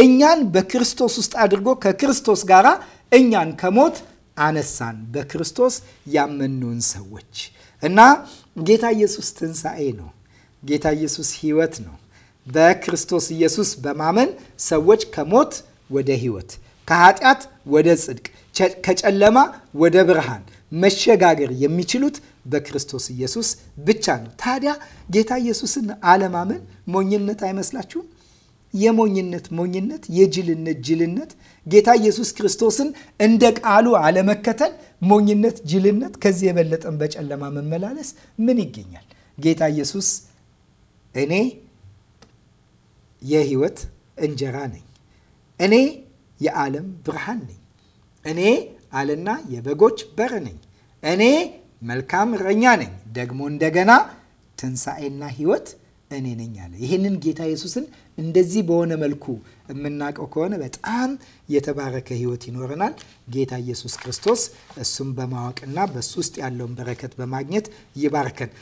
እኛን በክርስቶስ ውስጥ አድርጎ ከክርስቶስ ጋር እኛን ከሞት አነሳን፣ በክርስቶስ ያመኑን ሰዎች እና ጌታ ኢየሱስ ትንሣኤ ነው። ጌታ ኢየሱስ ህይወት ነው። በክርስቶስ ኢየሱስ በማመን ሰዎች ከሞት ወደ ህይወት ከኃጢአት ወደ ጽድቅ፣ ከጨለማ ወደ ብርሃን መሸጋገር የሚችሉት በክርስቶስ ኢየሱስ ብቻ ነው። ታዲያ ጌታ ኢየሱስን አለማመን ሞኝነት አይመስላችሁም? የሞኝነት ሞኝነት፣ የጅልነት ጅልነት፣ ጌታ ኢየሱስ ክርስቶስን እንደ ቃሉ አለመከተል ሞኝነት፣ ጅልነት። ከዚህ የበለጠን በጨለማ መመላለስ ምን ይገኛል? ጌታ ኢየሱስ እኔ የህይወት እንጀራ ነኝ፣ እኔ የዓለም ብርሃን ነኝ፣ እኔ አለና የበጎች በር ነኝ፣ እኔ መልካም እረኛ ነኝ፣ ደግሞ እንደገና ትንሣኤና ህይወት እኔ ነኝ አለ። ይህንን ጌታ ኢየሱስን እንደዚህ በሆነ መልኩ የምናውቀው ከሆነ በጣም የተባረከ ህይወት ይኖረናል። ጌታ ኢየሱስ ክርስቶስ እሱም በማወቅና በሱ ውስጥ ያለውን በረከት በማግኘት ይባርከን።